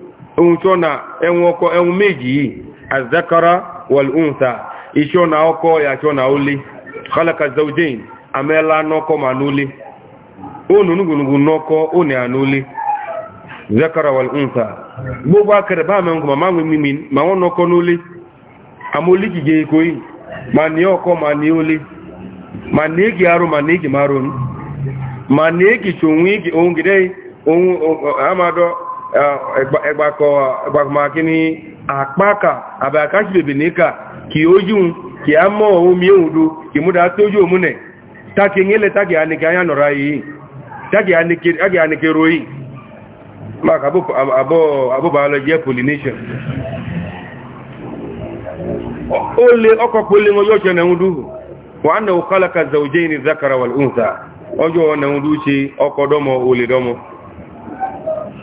ohun tí ó na ẹ̀hún ọkọ ẹ̀hún méjì yìí azakara wàlúùnsà iṣẹ́ ọ̀nà ọkọ àti ọ̀nà olè khalaka zaujain amẹ́lá nọ́kọ ma n'olè ó nùnúgbùnùgbù nọ́kọ ó ní ànólè zakara wàlúùnsà gbogbo akẹrẹ bá mẹ́rin kùmà máa ń mímí ma wọ́n nọ́kọ n'olè amólè kìje ikó yìí ma ní ẹgbàkọ̀mọ̀kí ní àpáàkà àbàkáṣì bèbè níkà kì ó yíun kì á mọ́ ohun mi òun do kì múdá tó yíò múnẹ̀ tàkì nílẹ̀ tàkì àníkẹ́ ayánàrà yìí tàkì àníkẹ́ royí mark abúbàálọ̀ pollination ó lé ọkọ̀ pólé wọn yóò ṣe nẹ̀hún dúhù wọ́n á nà ó kálàkà zaujé ní zakara wal ọjọ́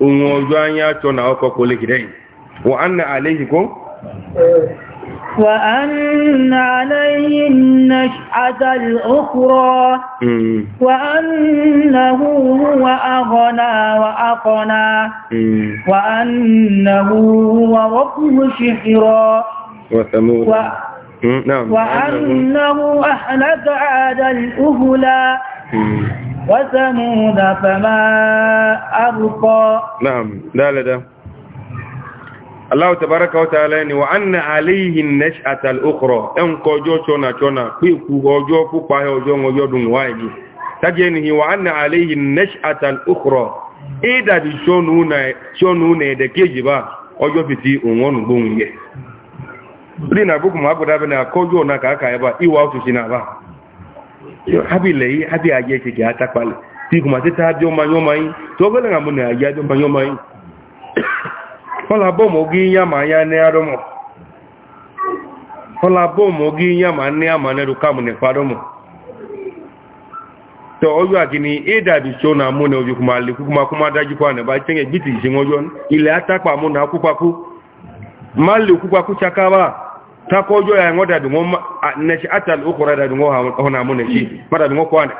unwo zuwa ya to na ko kole gidan wa na alaihi ko wa anna alaihi nash'ata al-ukhra mm. wa annahu huwa aghna wa aqna mm. wa annahu huwa rabbu shihra wa thamud وأنه أحلق عاد الأهلا وثمود فما أبقى نعم لا لا ده الله تبارك وتعالى وأن عليه النشأة الأخرى أن كوجو شونا شونا في كوجو فقه وجو وجو دون واجي تجينه وأن عليه النشأة الأخرى إذا دي شونونا شونونا دكيجي با ojo fiti onwonu gbonye ri na buku ma abuda na kojo na ka aka eba iwa otu si na ba habi lei habi abi ke ga ta pale ti kuma ti ta nyo manyo mai to gele ngamu ne aje jo manyo mai kola bo mo gi nya ma ya ne aro mọ kola bo mo gi nya ma ne ama ne ru kamu ne paro mo to ojo akini e da bi so na mu ne ojo kuma le kuma kuma daji kwa ne ba tenge biti si ngojo ile atakpa mu na kupaku malu kupaku chakaba ta ko jo ya ngoda dungo na shi atal ukhra da dungo hona mun shi mada dungo ko ne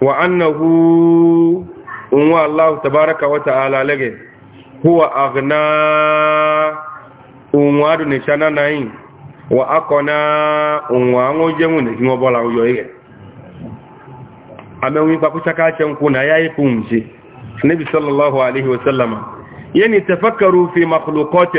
wa annahu unwa allah tabaaraka wa ta'ala lage huwa aghna unwa du ne chana nai wa akona unwa ngoje mun ne ngo bola uyo ye ame wi pa kuchaka chen kuna yayi pumsi nabi sallallahu alaihi wasallama yani tafakkaru fi makhluqati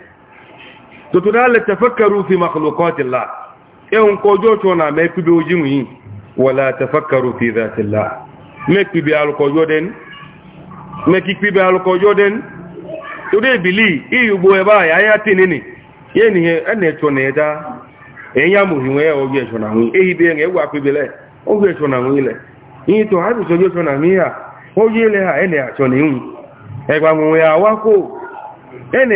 tòtòdá lè tẹfẹ́kẹrù fi makhlukatila ẹun e kọjọ́ tó na mẹ́kúbí ojíun yìí wàlá tẹfẹ́kẹrù fi zàtìlá mẹ́kúbí alùkọjọ́ dẹni mẹ́kúbí alùkọjọ́ dẹni torí ìbìlì àyáyá tì ni ẹnà ẹ̀tọ́ nà ẹ̀dá ẹ̀yà mùhìnwẹ́ ọgbẹ̀ ẹ̀tọ́ nà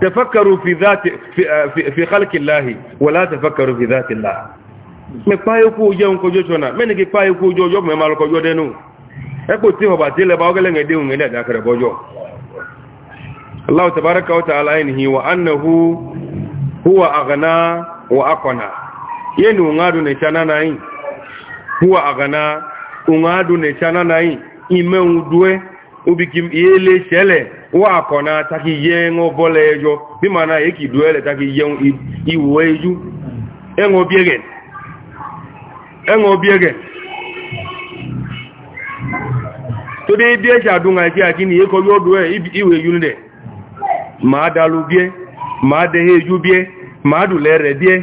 تفكروا في ذات في في في llahi الله ولا تفكروا في ذات الله. me payo ku je on ko jojo na me ni ki payo ku jojo me mal ko jode nu e ko ti ho ba ti le ba o gele ngede un ele da kare bojo allah tabaaraka wa ta'ala inhi wa annahu huwa aghna wa aqna yenu ngadu ne chana nai huwa aghna ungadu ne chana nai ime udwe ubikim yele shele wa kona taki yengo bolejo bi mana yeki duele taki yen iweju engo biegen engo biegen to de bi eja dunga ki akini yeko yodu e iwe yunde ma dalu bie ma de heju bie ma du bie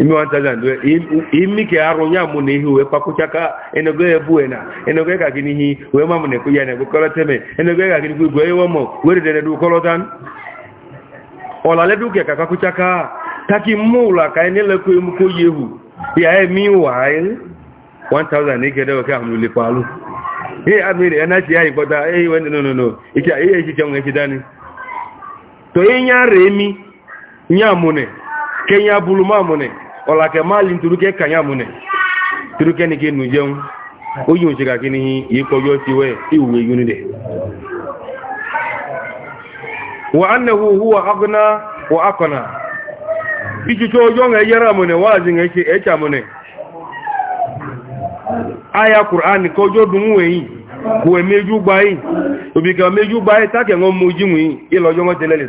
imi wantazandu imi ke arunya munihi we pakuchaka enogwe buena enogwe kakinihi we mamune kuya ne gukolo teme enogwe kakini kugwe yomo wele dere du kolo tan ola le duke kakakuchaka taki mula ka enele kwe mku yehu ya e mi wae 1000 ni kedewa ke amuli palu hey amiri enati ya ikota hey wende no no no ikia hey ikitia mwenye chidani to ye nyare emi nyamune kenya bulu ma mune ola ke mali turuke kanya mune turuke ni kinu jeun oyin o shiga kini iko yo ti we iwu yuni de wa annahu huwa aghna wa aqna biji to yo nga yara mune wa zin eke echa mune aya qur'an ko jo dumu we yi ko meju obi ka meju gba yi ta ke ngo moji mu yi ilo jo tele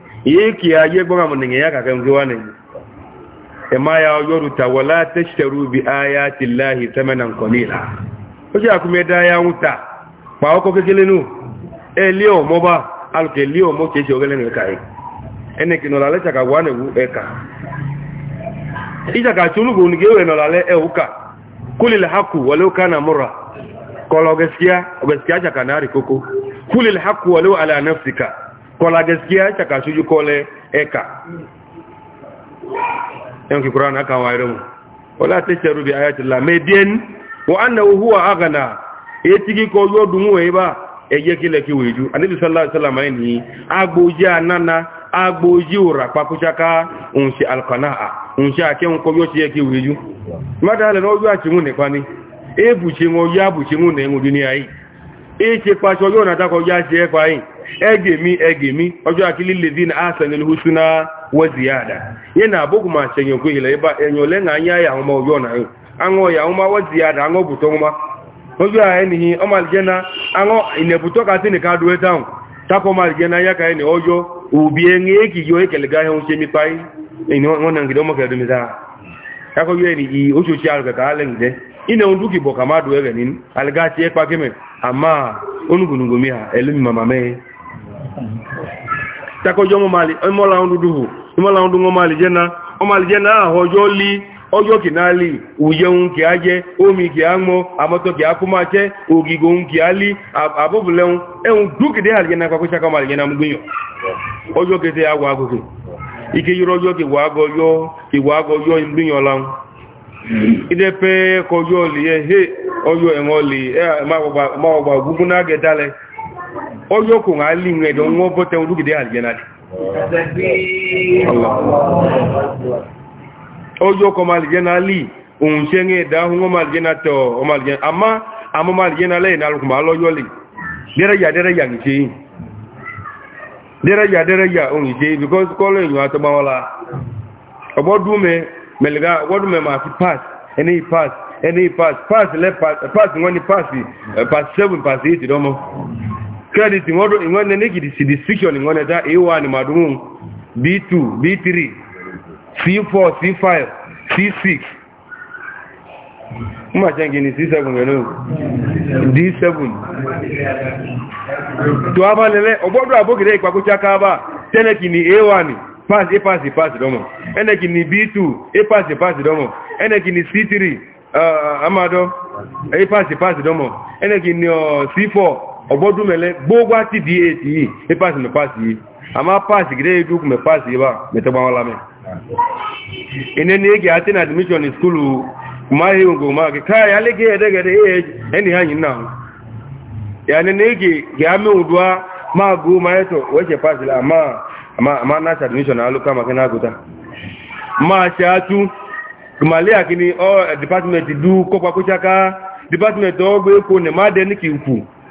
yake ya ye gbọ́nà mọ̀ nìyẹn yàkà kan zuwa ne ẹ ma ya yọrù ta wọlá tẹ́ṣẹ̀rù bí aya ti láhì tẹ́mẹ́nà kọlíla ó ṣe àkúmẹ́ ya ń ta pa ọkọ̀ kékeré nù ẹ lé ọmọ bá alùkẹ́ lé ọmọ kìí ṣe ọgẹ́lẹ́ nìka yìí ẹnì kì nọ̀lá lẹ́ṣàkà wà nìwú ẹ̀ka ìṣàkà tí olùgbò nìgé rẹ̀ nọ̀lá lẹ́ ẹ̀ kola gaskiya ta kasu ji kole eka yanki kurana aka ware mu wala ta sharu bi ayatul la medien wa annahu huwa aghna e tigi ko yodu mu e ba e je kile ki weju anabi sallallahu alaihi wasallam ni agboji anana agboji ura pakuchaka unshi alqanaa unshi ake unko yo ti e ki weju mata le no yo ati mu ne pani e buchi ngo ya buchi mu ne ngu dunia yi e se pa so yo na ta ko ya se e pa yin egemi egemi ojo akili lèzi na asan ilhusu na wezi yada yẹ na abogwu ma chenye okwe ile ebe enyo ole na anya ya ọma ọjọ́ na yo ya ọma wezi yada aṅụ buto ọma ọjọ́ a enihi ọmalige na aṅụ inebutọ kasị na ka duwe taun takọ ọmalige na anya ka eni ọjọ́ ubi enye ekiyo ihe nwuche na ngide ọmọkere ka ka ala ngide ina ondu boka madu ege nin ama onugunungomi ha elimi mama takojo momali mola ondu duhu mola ondu momali jena omali jena hojo li ojo kinali uyeun ki aje omi ki amo amoto ki akumache ogigun ki ali abobuleun ehun dukide aljena kwa kushaka mali jena mgunyo ojo kete agwa agogo ike yoro ojo ki wago yo ki wago yo mgunyo laun ide pe kojo li e he ojo enoli e, e ma gba ma gba gugun agedale oyo ko nga li ngwe do ngo bote ndu gide aljana di oyo ko mal jana li un chenge da ngo mal jana to o mal jana ama ama mal jana le na lu ma lo yo li dere ya dere ya because ko le nyu ato ba wala obodume melga obodume ma fi pass any pass any pass pass le pass pass ngoni pass eh, pass 7 pass 8 domo kẹ́ẹ̀dì tí wọ́n dún ìwọ́n ní gidi sí distriction ìwọ́n ẹ̀dá a1 madun b2 b3 c4 c5 c6 mọ́ jẹ́ gini c7 ẹ̀nà d7 tó a bá lẹ́lẹ́ ọgbọ́dọ̀ àbókèrè ìpàkójá káàbà tẹ́lẹ̀kì ni a1 pass a pass a pass dọ́mọ̀ ẹnẹ́kì ni b2 a pass a pass dọ́mọ̀ ẹnẹ́kì ni c3 uh, amadọ́ a pass a pass dọ́mọ̀ ẹnẹ́kì ni c4 ọgbọ́dún mẹ́lẹ́ gbogbo àti di ètì yìí ní pàṣì mẹ́ pàṣì yìí a máa pàṣì gídé ìdúkù mẹ́ pàṣì yìí bá mẹ́tẹ́gbà wọn lámẹ́ iné ní èkè àti náà admission school máa hẹ́ ògbò máa kí káyà alégé ẹ̀dẹ́gẹ̀dẹ́ ẹni hàn yìí náà yàní ní èkè kí a mẹ́wọ̀n dúá máa gbó máa admission náà lókà máa kí náà gòtà máa ṣe àtú kìmàlẹ́ àkíní department dú kọ́pàkúṣáká department ọgbẹ́ kò kù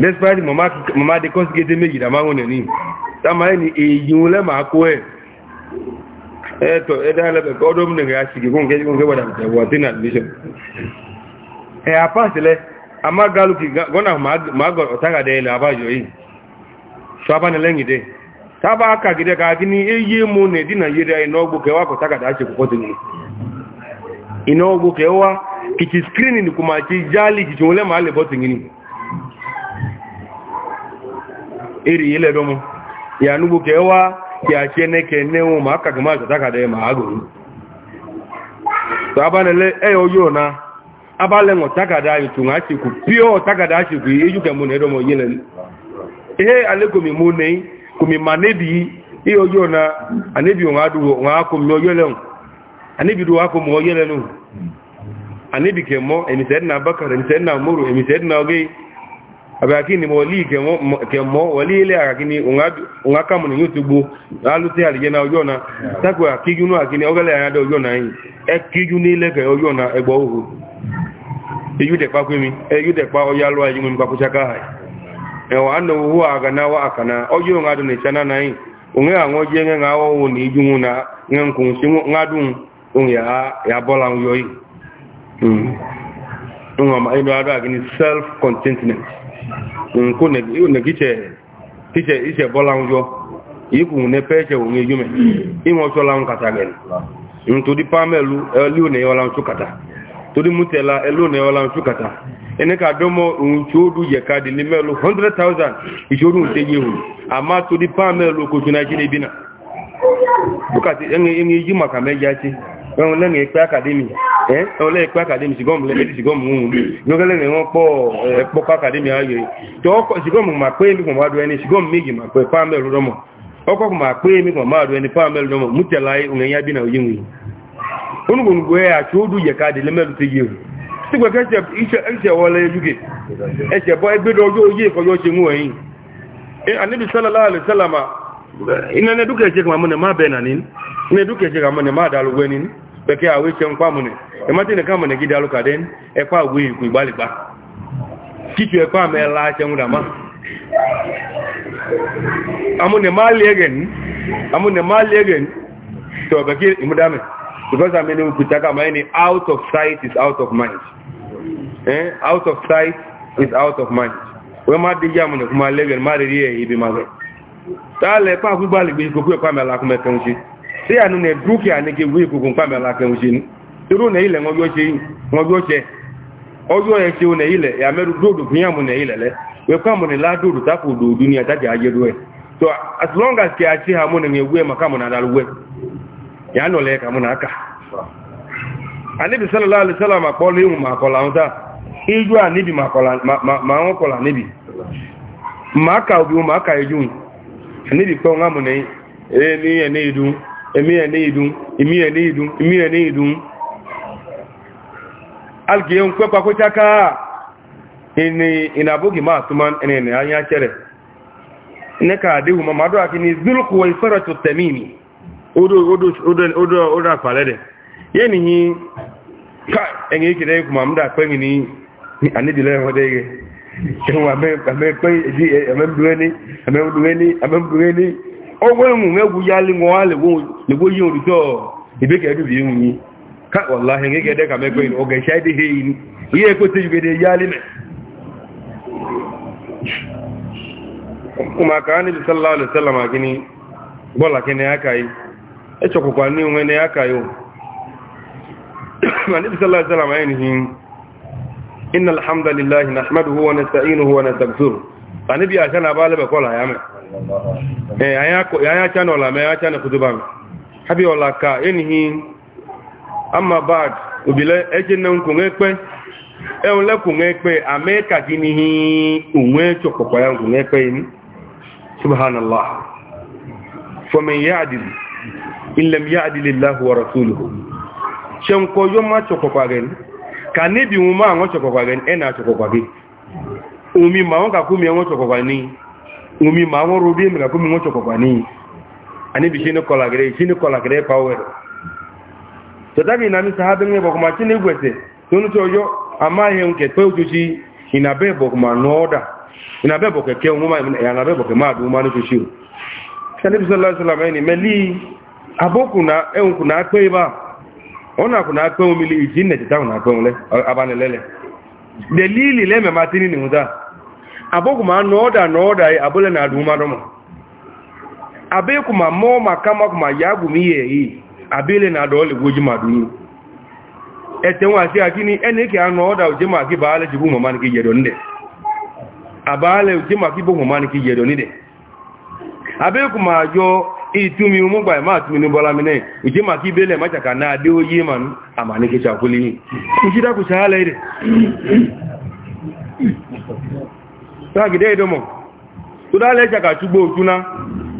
despite mama de kọ́sígédé méjì dàmáwọn nẹ̀ ní sáma ẹni èyí ń lẹ́mà kó ẹ̀ ẹ̀ẹ́tọ̀ ẹ̀dá ẹlẹ́bẹ̀kọ́ ọdọ́ mú nìyà sí kíkún kẹ́sí kún kẹ́wàdà tẹ̀wọ̀ àti nàdìlẹ́ṣọ̀ ẹ̀ àpáṣẹlẹ̀ amágalùkì gọ́nà màgọ̀ ọ̀tàgàdẹ ilẹ̀ abájọ yìí sọ abánilẹ́yìn dẹ tábà kàgídẹ kàgí ní eyé mú nẹ̀ dínà yẹrẹ iná ogbó kẹwàá kìtì skírínì kùmà ti jálì kìtì òun lẹ́mà lè bọ́ tìyìn iri ile domin ya nubu kewa ya ce ne ke newu ma aka gama ta taka da ya ma'agoro to abanile eyo yo na abale ngo taka da yi tun ati ku pio taka da ati ku iju ke mu ne domo yile ehe ale ko mi mu ne ku mi manebi iyo yo na anebi o ngadu o ngako mi oyele anebi do ako mo oyele nu anebi ke mo emi sedna bakar emi sedna muru emi sedna oge okay. abakini wali ke mo ke mo wali ile akini unga unga kamu ni youtube alute alijena ojona takwa kijunu akini ogale ya do ojona yin e kijunu ile ke ojona egbo ohu eyude pa kwemi eyude pa oyalo ayi mi pa kuchaka hai e wa anu ha na wa akana ojo nga do ni chana nai unge anwo jenge nga wo ni jungu na ngenkun si ngadun unge ya ya bola yoyi mm unga ma ido ada akini self contentment nkó na títsɛ ìtsɛ bɔla ŋdzɔ ikú nẹpẹ tsɛ wò ŋe yume ìwọ tsɔ la ŋu eh, kata gɛn ntòdí pàmɛ lu ɛlú nẹ la ŋu eh, tso kata tòdí mu tɛ la ɛlú nẹ yɔ ka di ni mɛlu hundred thousand ìtsuwo bina ma kàmɛ dza ọlẹ́ ẹ̀kọ́ akademi ṣìgọ́mù lẹ́gbẹ̀ẹ́ ṣìgọ́mù ń wùn lókẹ́lẹ́ ní wọ́n pọ̀ ẹ̀pọ̀kọ́ akademi ayé tó ọkọ̀ ṣìgọ́mù máa pé mi kàn máa do ẹni ṣìgọ́mù méjì máa pé pàmẹ́lú lọ́mọ̀ ọkọ̀ máa pé mi kàn máa do ẹni pàmẹ́lú lọ́mọ̀ mútẹ̀láyé òun ẹ̀yà bí náà wù onugbogbo ẹ̀ àti ti o sígbẹ̀ kẹ́sẹ̀ ẹ̀ṣẹ̀ wọlé yúkè ẹ̀ṣẹ̀ bọ́ ẹgbẹ́dọ̀ ọjọ́ oyé pẹ̀kẹ́ àwé ṣe ń pàmù nì ẹmọ́tí nìkan mọ̀ nìgídà alùkàdé ẹ̀kọ́ àwé ìkù ìgbàlìgbà kíkù ẹ̀kọ́ àmì ẹ̀lá ṣẹun dàmá amúnẹ̀málẹ́gẹ̀ẹ́n tó ọ̀bẹ̀kẹ́ ìmúdámẹ̀ because I mean we take am any out of sight is out of mind eh out of sight is out of mind we ma di jam ne kuma legen ma ri e ibi ma le ta tí a nẹ dúkìá ní kí wí ikuku pàmì alákẹ̀wò ṣe ní irú nẹ ilẹ̀ wọn yóò ṣe wọn yóò ṣe ọjọ́ ẹ ṣe nẹ ilẹ̀ ìyàmẹ́rù dòdò fi hàn mú nẹ ilẹ̀ lẹ wẹ́kọ́ àmú nẹ ládòdò tákò dòdò ní àtàjà ayélu ẹ̀ so as long as kí a ṣe àmú e ewu ẹ̀ màkà mú nà dàlú wẹ̀ yà á nọ nà anibi emiye ne idun emiye ne idun emiye ne idun alkiye n kwepa kwe chaka ini inabogi ma atuman ene ne anya chere ne ka adihu ma madu aki ni zulku wa isaratu tamimi odo odo odo odo odo apalede yeni hi ka enye ikide kuma mda kwenye ni anidile wadege ewa me me kwenye di ame mduweni ame mduweni ame mduweni ọgbọ́ ẹ̀mùn ẹgbù ya lè wọ́n lèwó yí orùtọ́ ìbékẹ̀ẹ́dùbì ẹ̀mùn yí káàkọ̀lá ẹ̀gẹ́gẹ́dẹ́ kàmẹ́kọ̀ ìlú ọgẹ̀ ṣáà dé hẹ́yìn ẹ̀kọ́ ka ni bi sallallahu alaihi gini o ni bi sallallahu alaihi wasallam ayni innal hamdalillah nahmaduhu na ee eh, anya chanọla ma ya chana kutuba ha ọla ka enihi ama bad obile eche nne nkwu ekpe ekpe ame ka gị n'ihi onwe chọkọkwa ya nkwu nwe ekpe yi subhanallah fomin ya adili ilem ya adili wa rasuluhu ṣe ma gị ka nebi nwụma anwụ gị gị omi ma ọ ga-akwụ umi ma wọn rubi mi kakumi wọn tsɔ kɔkɔ nii ani bi sini kɔla gɛrɛ sini kɔla gɛrɛ pawo yɛrɛ tɔtabi nami saha bɛ ŋɛ bɔkuma sini gbɛsɛ tonu tɛ ɔjɔ ama yɛ ŋkɛ pɛw tsosi ina bɛ bɔkuma nɔɔda ina bɛ e ni tsosi o sani bi sɔlɔ sɔlɔmɛ ni mɛ lii abo kunna ɛn kunna akpɛ ba ɔna kunna akpɛ wumi li ni ŋuta abokuma noda noda abule na aduma domo abekuma mo makama kuma yagumi yeyi abile na dole goji madunu ẹ̀tẹ̀wọ̀n àti àkíní ẹni kí a nà ọ́dà òjé máa kí bàálẹ̀ jù bùn mọ̀mánì kí yẹ̀dọ̀ nídẹ̀ àbáálẹ̀ òjé máa kí bùn mọ̀mánì kí yẹ̀dọ̀ nídẹ̀ abẹ́kù máa yọ ìtúmi múgbà ẹ̀ máa túnmi ní bọ́lá mi náà òjé máa kí bẹ́lẹ̀ májàkà náà dé ó yé mànú àmàní kí tágidé ìdómọ tó dálẹ ìjàkà túgbò òtúná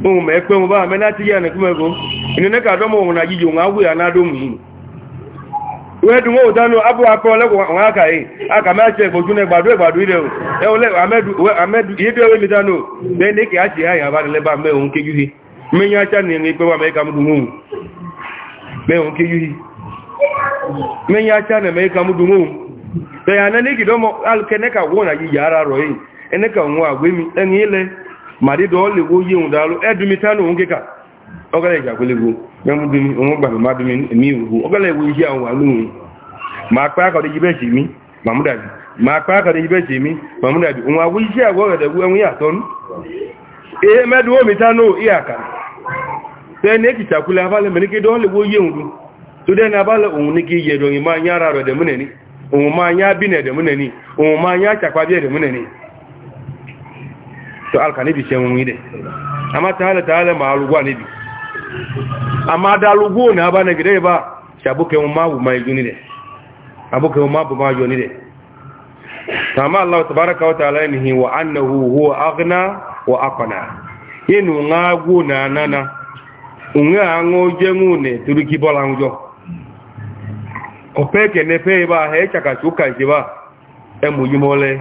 ohun mẹ́pẹ́ wọn bá mẹ́lá tí yẹ́ nìkú mẹ́kọ́ ìnìyàn dọ́mọ òun náà jíjì òun áwúyà náà dómù yìí wẹ́dùn ó dánú abúrò akọ́ lẹ́kọ̀ọ́ àwọn àkàyè àkàmẹ́ṣẹ́ ìgbòjúnà ìgbàdó ìgbàdó ilẹ̀ ẹ̀wọ́lẹ́ àmẹ́dù ìyẹ́dẹ́ owó mi dánú bẹ́ẹ̀ ní kí á ṣe àyà àbádẹ́lẹ́bà mẹ́hun kéjúhi mẹ́yìn ene ka nwa agwemi enye ile ma dị dọọ legwo yi nwụ daalụ edumita na onwe gị ka ọgara eji agwelegwo gbem ma dumi emi iwu ọgara ma akpa aka ibe mi ma mụ ma akpa aka dị ibe mi ma mụ ya atọ nụ ihe medu omita n'o ihe aka tee na ekichakwule abalị mere ike tó to alka nibi se won ide amma taala taala ma alugwa nibi amma da alugwo na ba na gide ba shabuke won ma bu mai juni de abuke won ma bu ma juni de kama allah tabaaraka wa ta'ala inhi wa annahu huwa aghna wa aqna yinu ngagu na nana unwe anwo jengu ne turuki bola njo opeke ne pe ba he chaka chuka jiba emuyimole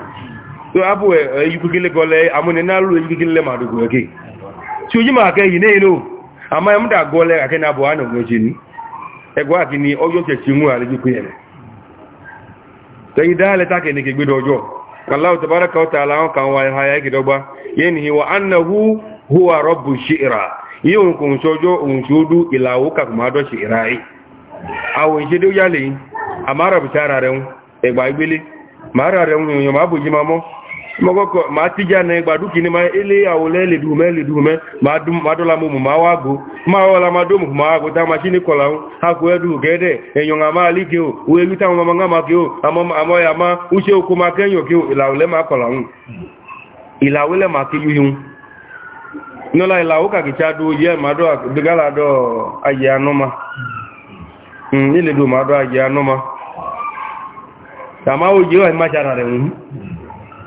abu yikukile eh, eh, gole amune na lu yikukile ma dugu ke ti ma ke yine ilo ama em da gole ake na bu anu meji ni egwa kini ojo ke ti mu ale jiku yele tayi dale ta ke ni ke gbedo ojo kallahu tabaaraka wa ta'ala kan wa haya ke dogba yeni wa annahu huwa rabbu shi'ra yiun kun sojo un shudu ilawo ka kuma do shi'rai e. awon se do yale amara bu tarare un egba igbele mara re un yo ma buji mamo mọ́kọ́kọ́ máa tíjà ní gbàdúkì ní máa ilé àwòlẹ́ lè dùn mẹ́ lè dùn mẹ́ máa dọ́la mọ́ máa wá gbó máa wọ́la máa dó mọ́ máa gbóta máa sí ní kọ̀lá ń hako ẹ́dù gẹ́dẹ̀ èèyàn àmá àlíkè o òwe lúta àwọn ọmọ máa kí o àmọ́ ya máa ń ṣe oko máa kẹ́yìn kí o ìlàwọ́lẹ́ máa kọ̀lá ń ìlàwọ́lẹ́ máa kí yíyún nọ́la ìlàwó kàkìtà dó yẹ́ máa dọ́ àgbégálà dọ́ ayé anọ́mà hmm, nílẹ̀ dó máa dọ́ ayé anọ́mà tàmáwò yẹ́ wà ní máa ṣàrà rẹ̀ wọ́n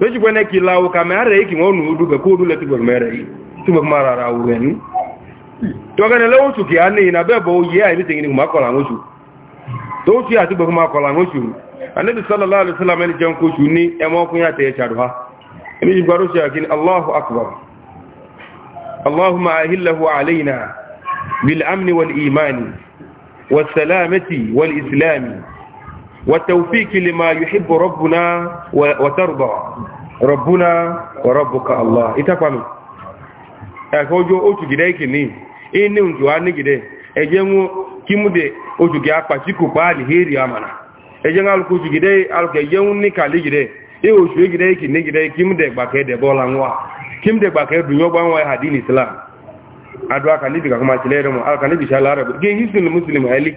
méjì bọ́ ní kí láwọ́ kàmẹ́ àrẹ̀ yìí kì wọ́n nù dúgbẹ̀ kó dúlẹ̀ tí gbẹ̀rẹ̀ mẹ́rẹ̀ yìí tí gbẹ̀rẹ̀ mara ara wù ẹ̀nu tọ́gẹ́nẹ̀ lọ́wọ́sù kì á ní ìnà bẹ́ẹ̀ bọ́ yẹ́ àìbí tẹ̀yìn ní mọ́kànlá oṣù tó ń fi àti gbẹ̀rẹ̀ mọ́kànlá oṣù anábì sallallahu alaihi wasallam ẹni jẹun kóṣù ní ẹmọ́ ọkùnrin àti ẹ̀ṣà rọ̀ ha ẹni jù gbọ́dọ̀ ṣe àkíní allahu akbar allahumma ahillahu alaina bil amni wal imani wal salamati والتوفيق لما يحب ربنا وترضى ربنا وربك الله اتفهم اكوجو اوتو جدي كني اني انجو اني kimude ojuge apachiku heri amana ejen aluko aluko ni kali e o shuwe gide gide kimude gbake de bola nwa kimude gbake dunyo gba nwa hadin islam adwa kan ni diga kuma mu alkan ni bishala ge hisul muslim ali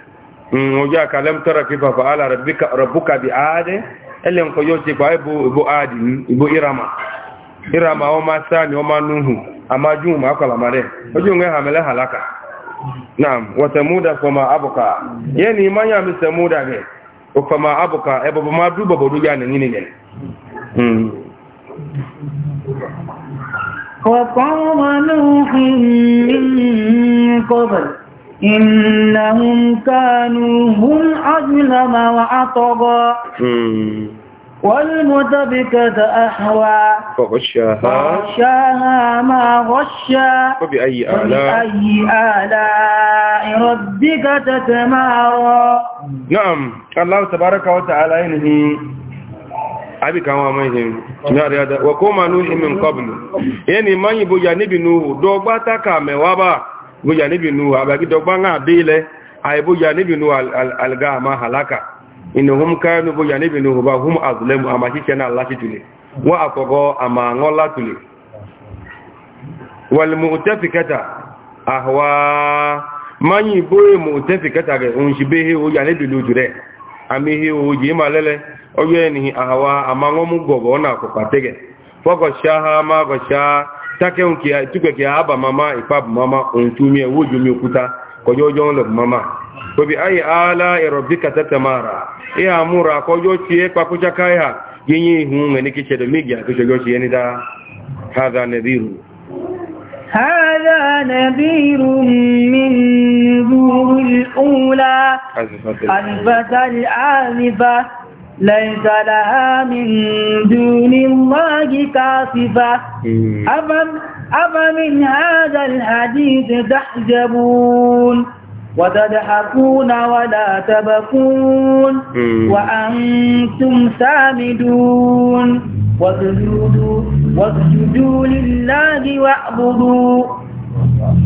ngoja kalam tara kifa faala rabbika rabbuka bi ade ele nko yote kwa ibu ibu adi ibu irama irama o masani o manuhu amaju ma kala mare oju nge hamele halaka naam wa samuda kama abuka yeni imanya mi samuda ge o kama abuka e baba madu baba du jana ngini ngene mm وقوم نوح من قبل إنهم كانوا هم أظلم وأطغى والمتبكة أحوى فغشاها فغشاها ما غشى فبأي آلاء فبأي آلاء ربك تتمارى نعم الله تبارك وتعالى إنه abi kan wa mahim na riada wa kuma nuhi min qabl yani man yibo ya nibi nuhu do gba ta ka me wa ba goja níbi nu àbàgídọgbá náà dé bu àìbójá níbi nu alga àmà halaka inú hum kánú bójá níbi nu hùbá hum azulẹ́mù àmà ṣíṣẹ́ náà láti tulẹ̀ ama àkọ́kọ́ àmà wọn látulẹ̀ wàlùmù ṣe béhe ojá níbi nu jù O àmì ihe ojì ìmà lẹ́lẹ́ ọjọ́ ẹni àhwá àmà takẹ́hùn kí túpẹ̀ kí àábà mama ìpàbù mama ohun tó mi ẹ̀wọ́ ìjọ mi òkúta kọjọ́ ọjọ́ ń lọ mama pẹ̀bí ayé àálá ẹ̀rọ bí kàtẹ́tẹ̀ máa rà ẹ àmúra kọjọ́ tí ẹ pàkójá káyà yíyí ìhun ẹni kí ṣẹlẹ̀ méjì àkójọ́ tí ẹni dá hádà nẹ̀bírù هذا نذير من ليس لها من دون الله كاصفة أفم, أفمن هذا الحديث تحجبون وتضحكون ولا تبكون وأنتم سامدون واسجدوا, لله واعبدوا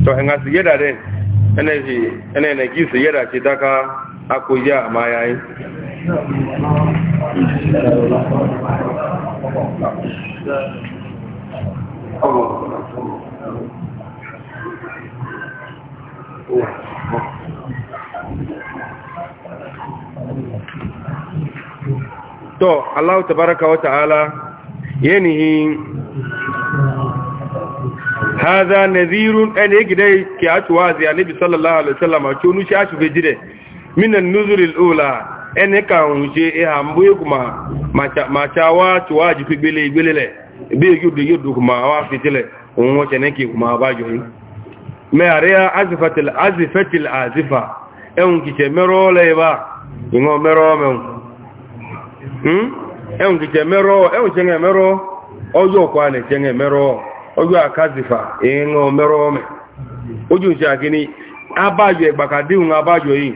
تو en سيدا den انا ji ene ne ki siyeda ci akójá àmáyá yìí to Allah tabaraka wa ta'ala yanihi hadha nadhirun an yigdai ki atuwazi annabi sallallahu alaihi wasallam a tunu shi a shige jide mina nuzuri ula ẹni kàrùn ṣe ẹha mbú ikú ma ṣa wá tíwá jù fi yudu ìgbélélẹ̀ kuma i yóò yóò dùkù kuma wá fi tílẹ̀ òun azifa ẹun kìtẹ̀ mẹ́rọ lẹ́yìnbá ìwọ̀n mẹ́rọ mẹ́un ẹun kìtẹ̀ mẹ́rọ ẹun ṣe mẹ́rọ ọjọ́ ne àlẹ̀ ṣe mẹ́rọ ọjọ́ àkázìfà ìwọ̀n mẹ́rọ mẹ́ ojú yi.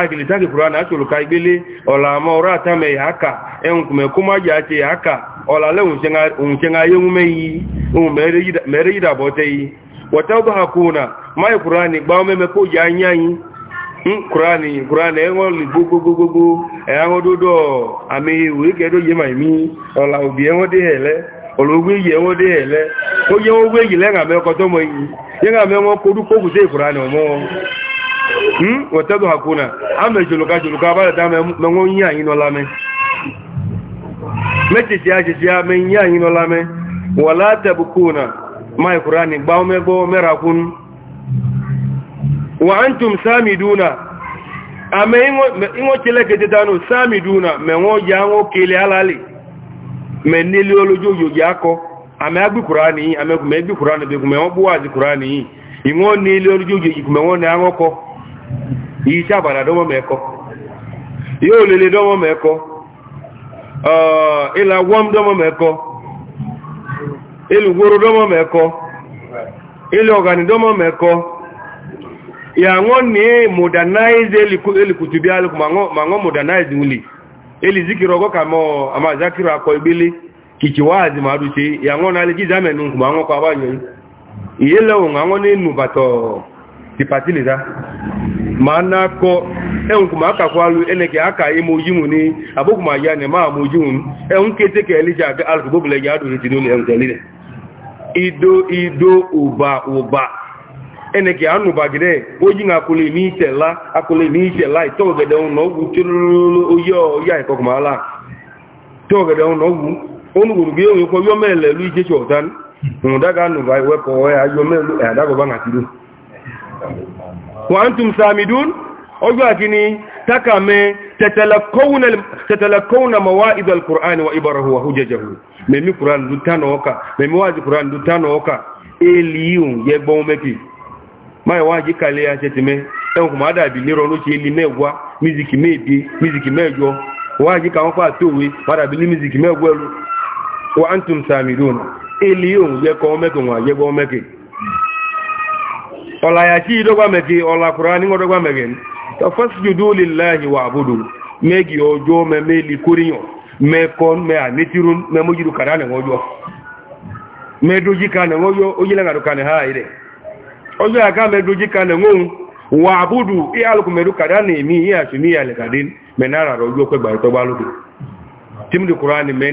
agilitagi kurana achụlụka igbele ọlaọrụ atameghi aka enwukumekwumaji ya aka ọlala onwuchena ya emume iyi mere yida bọteyi ha ụbọha na maghị kurani gba omemekpa oji anya anyị hmm, kurani kurani enwoli ya ẹ̀yàwọ́dódó àmì ìwé kẹ́dóye màmí ọ̀là òbí ẹwọ́n dé ẹ̀lẹ́ ọ̀lọ́gbé yìí ẹwọ́n dé ẹ̀lẹ́ ó yẹ wọ́n gbé yìí lẹ́ngàmẹ́ ọkọ̀ tọ́mọ yìí wẹ̀tẹ́dù àkónà àmì ìjòlùkà jòlùkà abáyẹ̀dá mẹ́wọ́n yí àyínà lámẹ́ méjèèjì àjèjì àmì yí àyínà lámẹ́ wà látẹ̀bù kónà ní gbá mẹ́gbọ́ mẹ́rakún wà ń tún sáàmì dúnà àmì ìwọ̀n kílẹ̀ dánú sáàmì dúnà mẹ́wọ́n yá wọ́n kéle ìyíṣẹ́ àbàdàdọ́wọ́ mẹ́kọ́ yóò lè lè dọ́wọ́ mẹ́kọ́ ilẹ̀ wọ́m dọ́wọ́ mẹ́kọ́ ilùgbòrò dọ́wọ́ mẹ́kọ́ ilẹ̀ ọ̀gànì dọ́wọ́ mẹ́kọ́ ìyàwọ́n ní modernize elìkùtù bí alìkùmọ̀ àwọn modernize ti pati le da ma na ko ehun kuma aka kwa lu ene ke aka imo yimu ni ma ya ne ma mo yimu ehun kete ke elija ga alku bogle ya do ti dole ido ido uba uba ene ke anu bagide oji nga kule mi tela akule mi gu ya kuma to gu onu o yo ko yo mele lu wa antum samidun ojú àkíní takame tatalakowna mawa'id al-qur'an wa ibarahu wa hujjajahu memi qur'an dutano oka memi waji qur'an dutano oka eliyun ye gbon meki mai waji kale ya setime en kuma da bi lero no se eli mewa music mebi music mejo waji ka won pa para bi ni music mewa wa antum samidun eliyun ye ko wa ye gbon ọ̀la ya chi dọ́gba mẹ́kẹ́ ọ̀la kùrá ní ọdọ́gba mẹ́kẹ́ ní tọ́fọ́sìjúdó lè láàyè wà àbúdó mẹ́gì ọjọ́ mẹ́mẹ́ lè kóríyàn mẹ́kọ́ mẹ́ àmẹ́tírún mẹ́mójúdó kàdá nà ọjọ́ mẹ́dójí ka nà ọjọ́ ojúlẹ́gàdó ka nà háà rẹ̀ ọjọ́ àká mẹ́dójí ka nà ọ̀hún wà àbúdó ihe alùkùmẹ́dó kàdá nà èmi ihe àṣùmí àlẹ̀kàdé mẹ́nára ọjọ́ pẹ́gbà ìtọ́gbà lókè tímdì kùrá ni mẹ́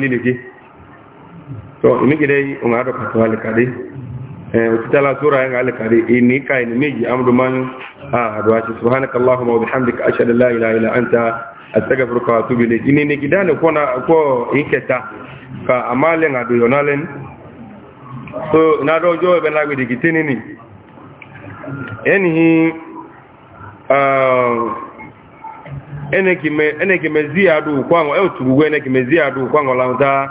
ní so imigide unga do ka wale kadi eh utala sura nga ale kadi ini ka ini meji amdu man ah do achi subhanaka allahumma wa bihamdika ashhadu an la ilaha illa anta astaghfiruka wa atubu ilayk ini ne gidane ko na ko iketa ka amale nga do yonalen so na do jo be lagbe de kitini ni enhi ah eneki me eneki me ziadu kwango e eh, otugwe eneki me ziadu kwango launta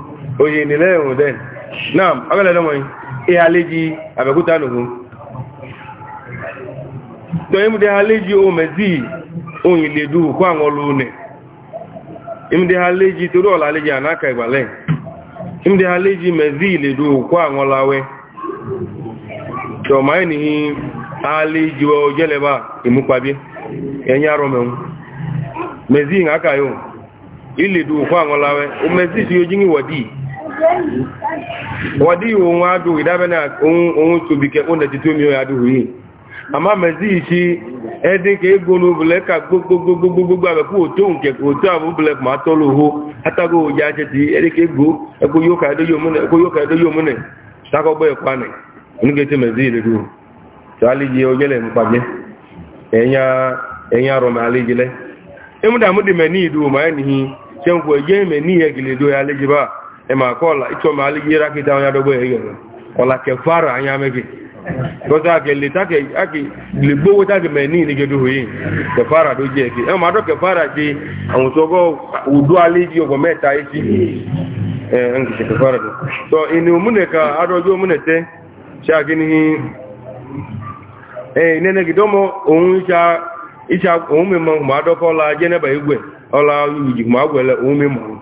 oye nílẹ̀ ẹ̀rùn dẹ̀ náà ọgọ́lẹ̀lọ́mọ̀ ìhà léjì àbẹ̀kúta nùhù tọ́yìmdé ha ohun mẹ́sí ohun ìlèdú kó àwọn olóòlẹ̀ ìmdé ha torí ọ̀lá léjì ànáka ìgbàlẹ̀ ìmdé ha mẹ́sí ìlèdú kó àwọn ìmúpabí ẹ̀yìn mẹ́sí ìhàkà yóò kó àwọn wadi ohun adu idabena ohun tobi kẹkún nẹ títí omi adu yìí àmá mẹ́sí ìṣí ẹdín kẹ gbónú bùlẹ́kà gbogbogbogbogbogbo ma ko la ito ma ali gira ki ta nyado bo yego ola ke fara anya meki ko ta ke li ta ke aki li bo ta ke me ni ni ke du yi ke fara do je ki e ma do ke fara ji awon so go udu ali ji ogo meta yi ti eh an ke fara do so ini umune ka ado jo umune te sha gini eh nene gidomo ohun sha isha ohun mi mo ma do ko la je ne ba igwe ola ji ma gwele ohun mi mo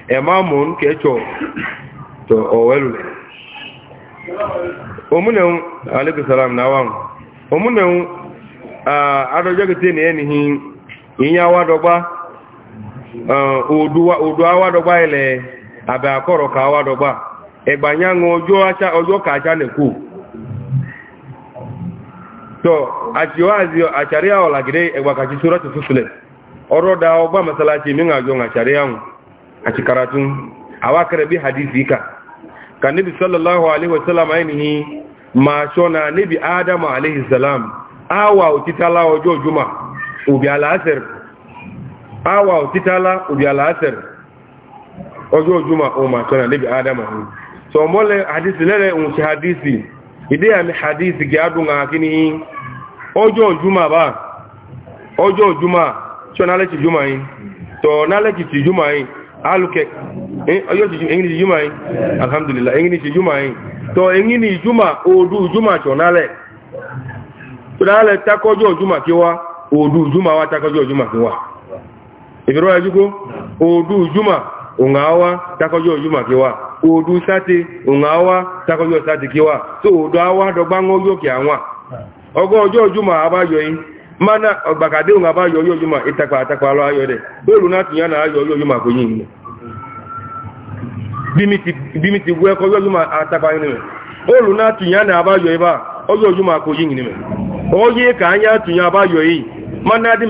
ẹ̀ma mọ̀ ń kẹ́tsọ̀ tọ̀ ọ̀wẹ́lù lẹ̀. òmùnẹ̀hún aleykum salam náà wà ń òmùnẹ̀hún adọ́jọ́ kété ní ẹni hin ìyẹn awádọ́gbá odò awádọ́gbá ilẹ̀ abẹ́ akọ̀rọ̀ ká awádọ́gbá ẹ̀gbànyánu ọjọ́ kàájá nìkú tọ́ àtiwáàzì àtàríà ọ̀làgídé ẹ̀gbàkàtí sọ́rọ̀ tuntun sílẹ̀ ọ̀rọ̀ da ọgbà masalasi mi ń àjọ àtàríà wọn a ci karatun a wakar bi hadisi ka ka nabi sallallahu alaihi wasallam ainihi ma shona nabi adama alaihi salam awa otitala ojo juma ubi alasir awa otitala ubi alasir ojo juma o ma shona nabi adama so mole hadisi lele un ci hadisi ide ami hadisi gi adunga kini ojo juma ba ojo juma shona le juma yin to na le juma yin alùkẹ́ ọjọ́ ti ẹ̀yìn ni jùmọ̀ yìí alhamdulillah ẹ̀yìn ni ti jùmọ̀ yìí tọ ẹ̀yìn ni jùmọ̀ òòdù jùmọ̀ ṣọ̀nálẹ̀ ṣọ̀nálẹ̀ takọjọ́ jùmọ̀ kí wá òòdù jùmọ̀ wá takọjọ́ jùmọ̀ kí wá ìfẹ́rọ́ ẹjúkó òòdù wá òòdù kiwa. mana ọgbakadị nwa ba yoyo yo ma ịtakpa atakpalụ ayọ dị olu na atụnya na ayọ yoyo ma kwenye ime bimiti gwe ko yoyo ma atakpa olu na atụnya na aba yo ebe a oyoyo ma ka anya atụnya aba yo yi mana adị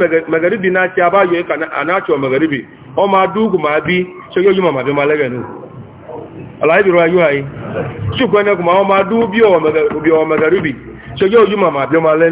na achị ka a na-achọ megaribi ọ ma dị ma bi choyoyo ma ma anyị chukwu ọ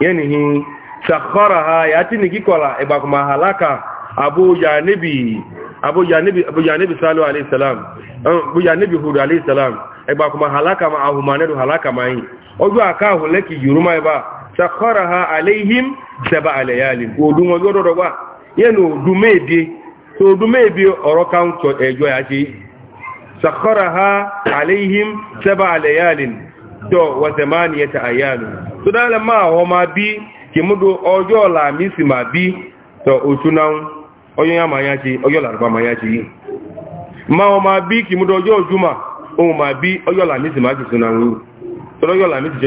yanihi sakharaha ya tini kikola eba kuma halaka abu janibi abu janibi abu janibi salu alayhi salam abu janibi hudu alayhi salam eba kuma halaka ma ahumanedu halaka mai oju aka huleki yuruma eba sakharaha alayhim saba alayalin odun ojo dodo wa yenu dumedi so dumedi oro kan to ejo ya ji sakharaha alayhim saba alayalin to wa thamaniyata ayamin tó dáálẹ̀ máa wọ́n máa bí kì mú do ọjọ́ ọ̀la mi sì máa bí tọ oṣù náà ọjọ́ yá máa yá ṣe ọjọ́ làrúbá máa yá yìí ma wọ́n máa bí kì ma ọjọ́ òjúmà ohun máa bí ọjọ́ ọ̀la mi sì máa kìsùn náà wíwú tọ́lọ́ ọjọ́ ọ̀la mi sì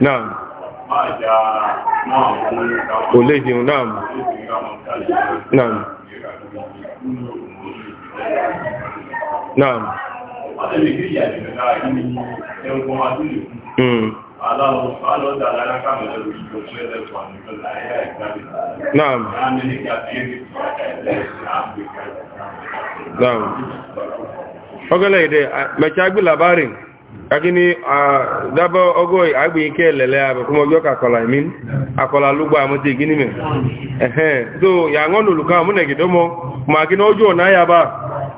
náà kò lè jẹun náà náà náà Naam. Naam. Ogele ide, mecha gbe labarin. lakini daba ogo agbe ike lele ya bụ kuma ojo ka akola imin akola lugba amụta gini me ehe so ya ngo nuluka mụ na gido mụ ma gị na ojo na ya ba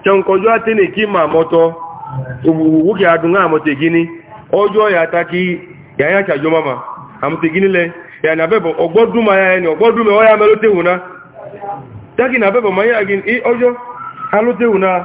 chen kojo ati na ki ma moto ugwu ki adunga amụta gini ojo ya taki ya ya chajo mama amụta gini le ya na bebo ma ya ni ogbodume o ya melote huna taki na bebo ma ya gini ojo alute huna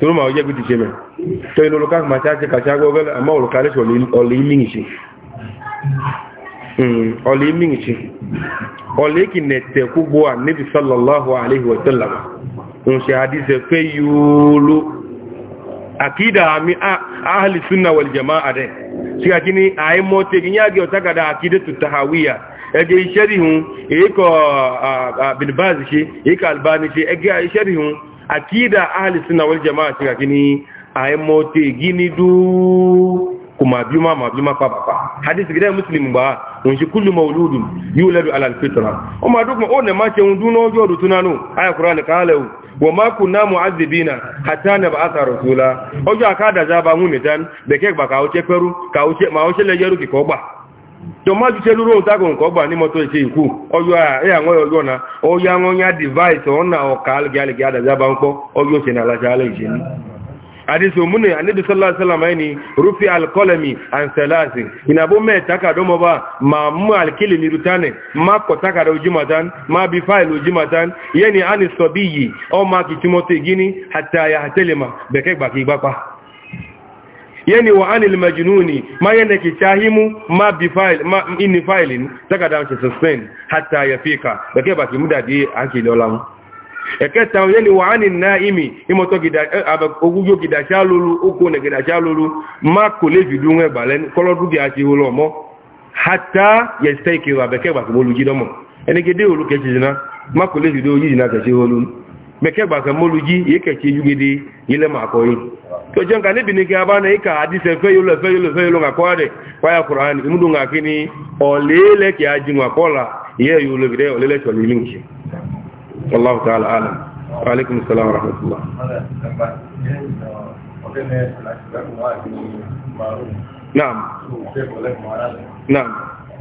toro ma o jẹ́ gbìdì ṣe mẹ́ tó inú olùkà máa ṣe àti kàṣà gbọ́gbẹ́ àmọ́ olùkà lẹ́ṣẹ̀ ọ̀lẹ́ ìmìnìṣe hmm, ọ̀lẹ́ ìmìnìṣe ọ̀lẹ́ kì nẹ̀tẹ̀ gbogbo ànẹ́bì sallallahu alaihi wa sallam wal jama'a bin akida ahli sunna wal jamaa tinga kini aimote gini du kuma bima ma bima pa pa hadith gida muslim ba unshi kullu mauludun yuladu ala alfitra o ma duk ma o ne ma ce un duno jodu tunanu aya qur'an qala wa ma kunna mu'adhibina hatta nab'atha rasula ojo akada za ba mu metan de ke ba ka o che peru ka o che ma o che le yeru ki ko gba tọmọ ti ṣe lúrò ohun tágùn nǹkan gbà ní mọ́tò ìṣe ìkú ọyọ́ àwọn ọyọ́ na ọyọ́ àwọn ya device ọ̀nà ọ̀ka alìgẹ́ àdàjá bá ń pọ́ ọyọ́ ṣe ní aláṣà alẹ́ ìṣe ní àdíṣe òmúnì àníbìsọ́lásọ́lámà ẹni rúfí alkọ́lẹ̀mì àǹsẹ̀láàsì ìnàbó ma mú alkílì ní rútánẹ̀ má kọ̀takàdà ojúmọ̀tán má bí fáìlì ojúmọ̀tán yẹ́ni a ní sọ bí yìí ọ má kìtìmọ́tò ìgíní àtàyà yani wa anil majnuni ma yana ki tahimu ma bi file ma inni filing daga da ke suspend hatta ya fika da ke baki muda di anki lolan eke ta yani wa anil naimi imo to gida eh, aba ogugo gida chalulu oko ne gida chalulu ma ko le ju dun balen kolo du di ati wo lomo hatta ya stay ki wa be ke baki bolu gidomo ene gede olu ke jina ma ko le ju do yina ke se holun meke gbaka moluji ye keke yugede yele makoyi to jonka ne bini ke abana ika hadise fe yolo fe yolo fe yolo ngakode kwa ya qur'an imudu ngakini olele ke ajinwa kola ye olele to lilinki wallahu ta'ala alam wa alaikum assalam wa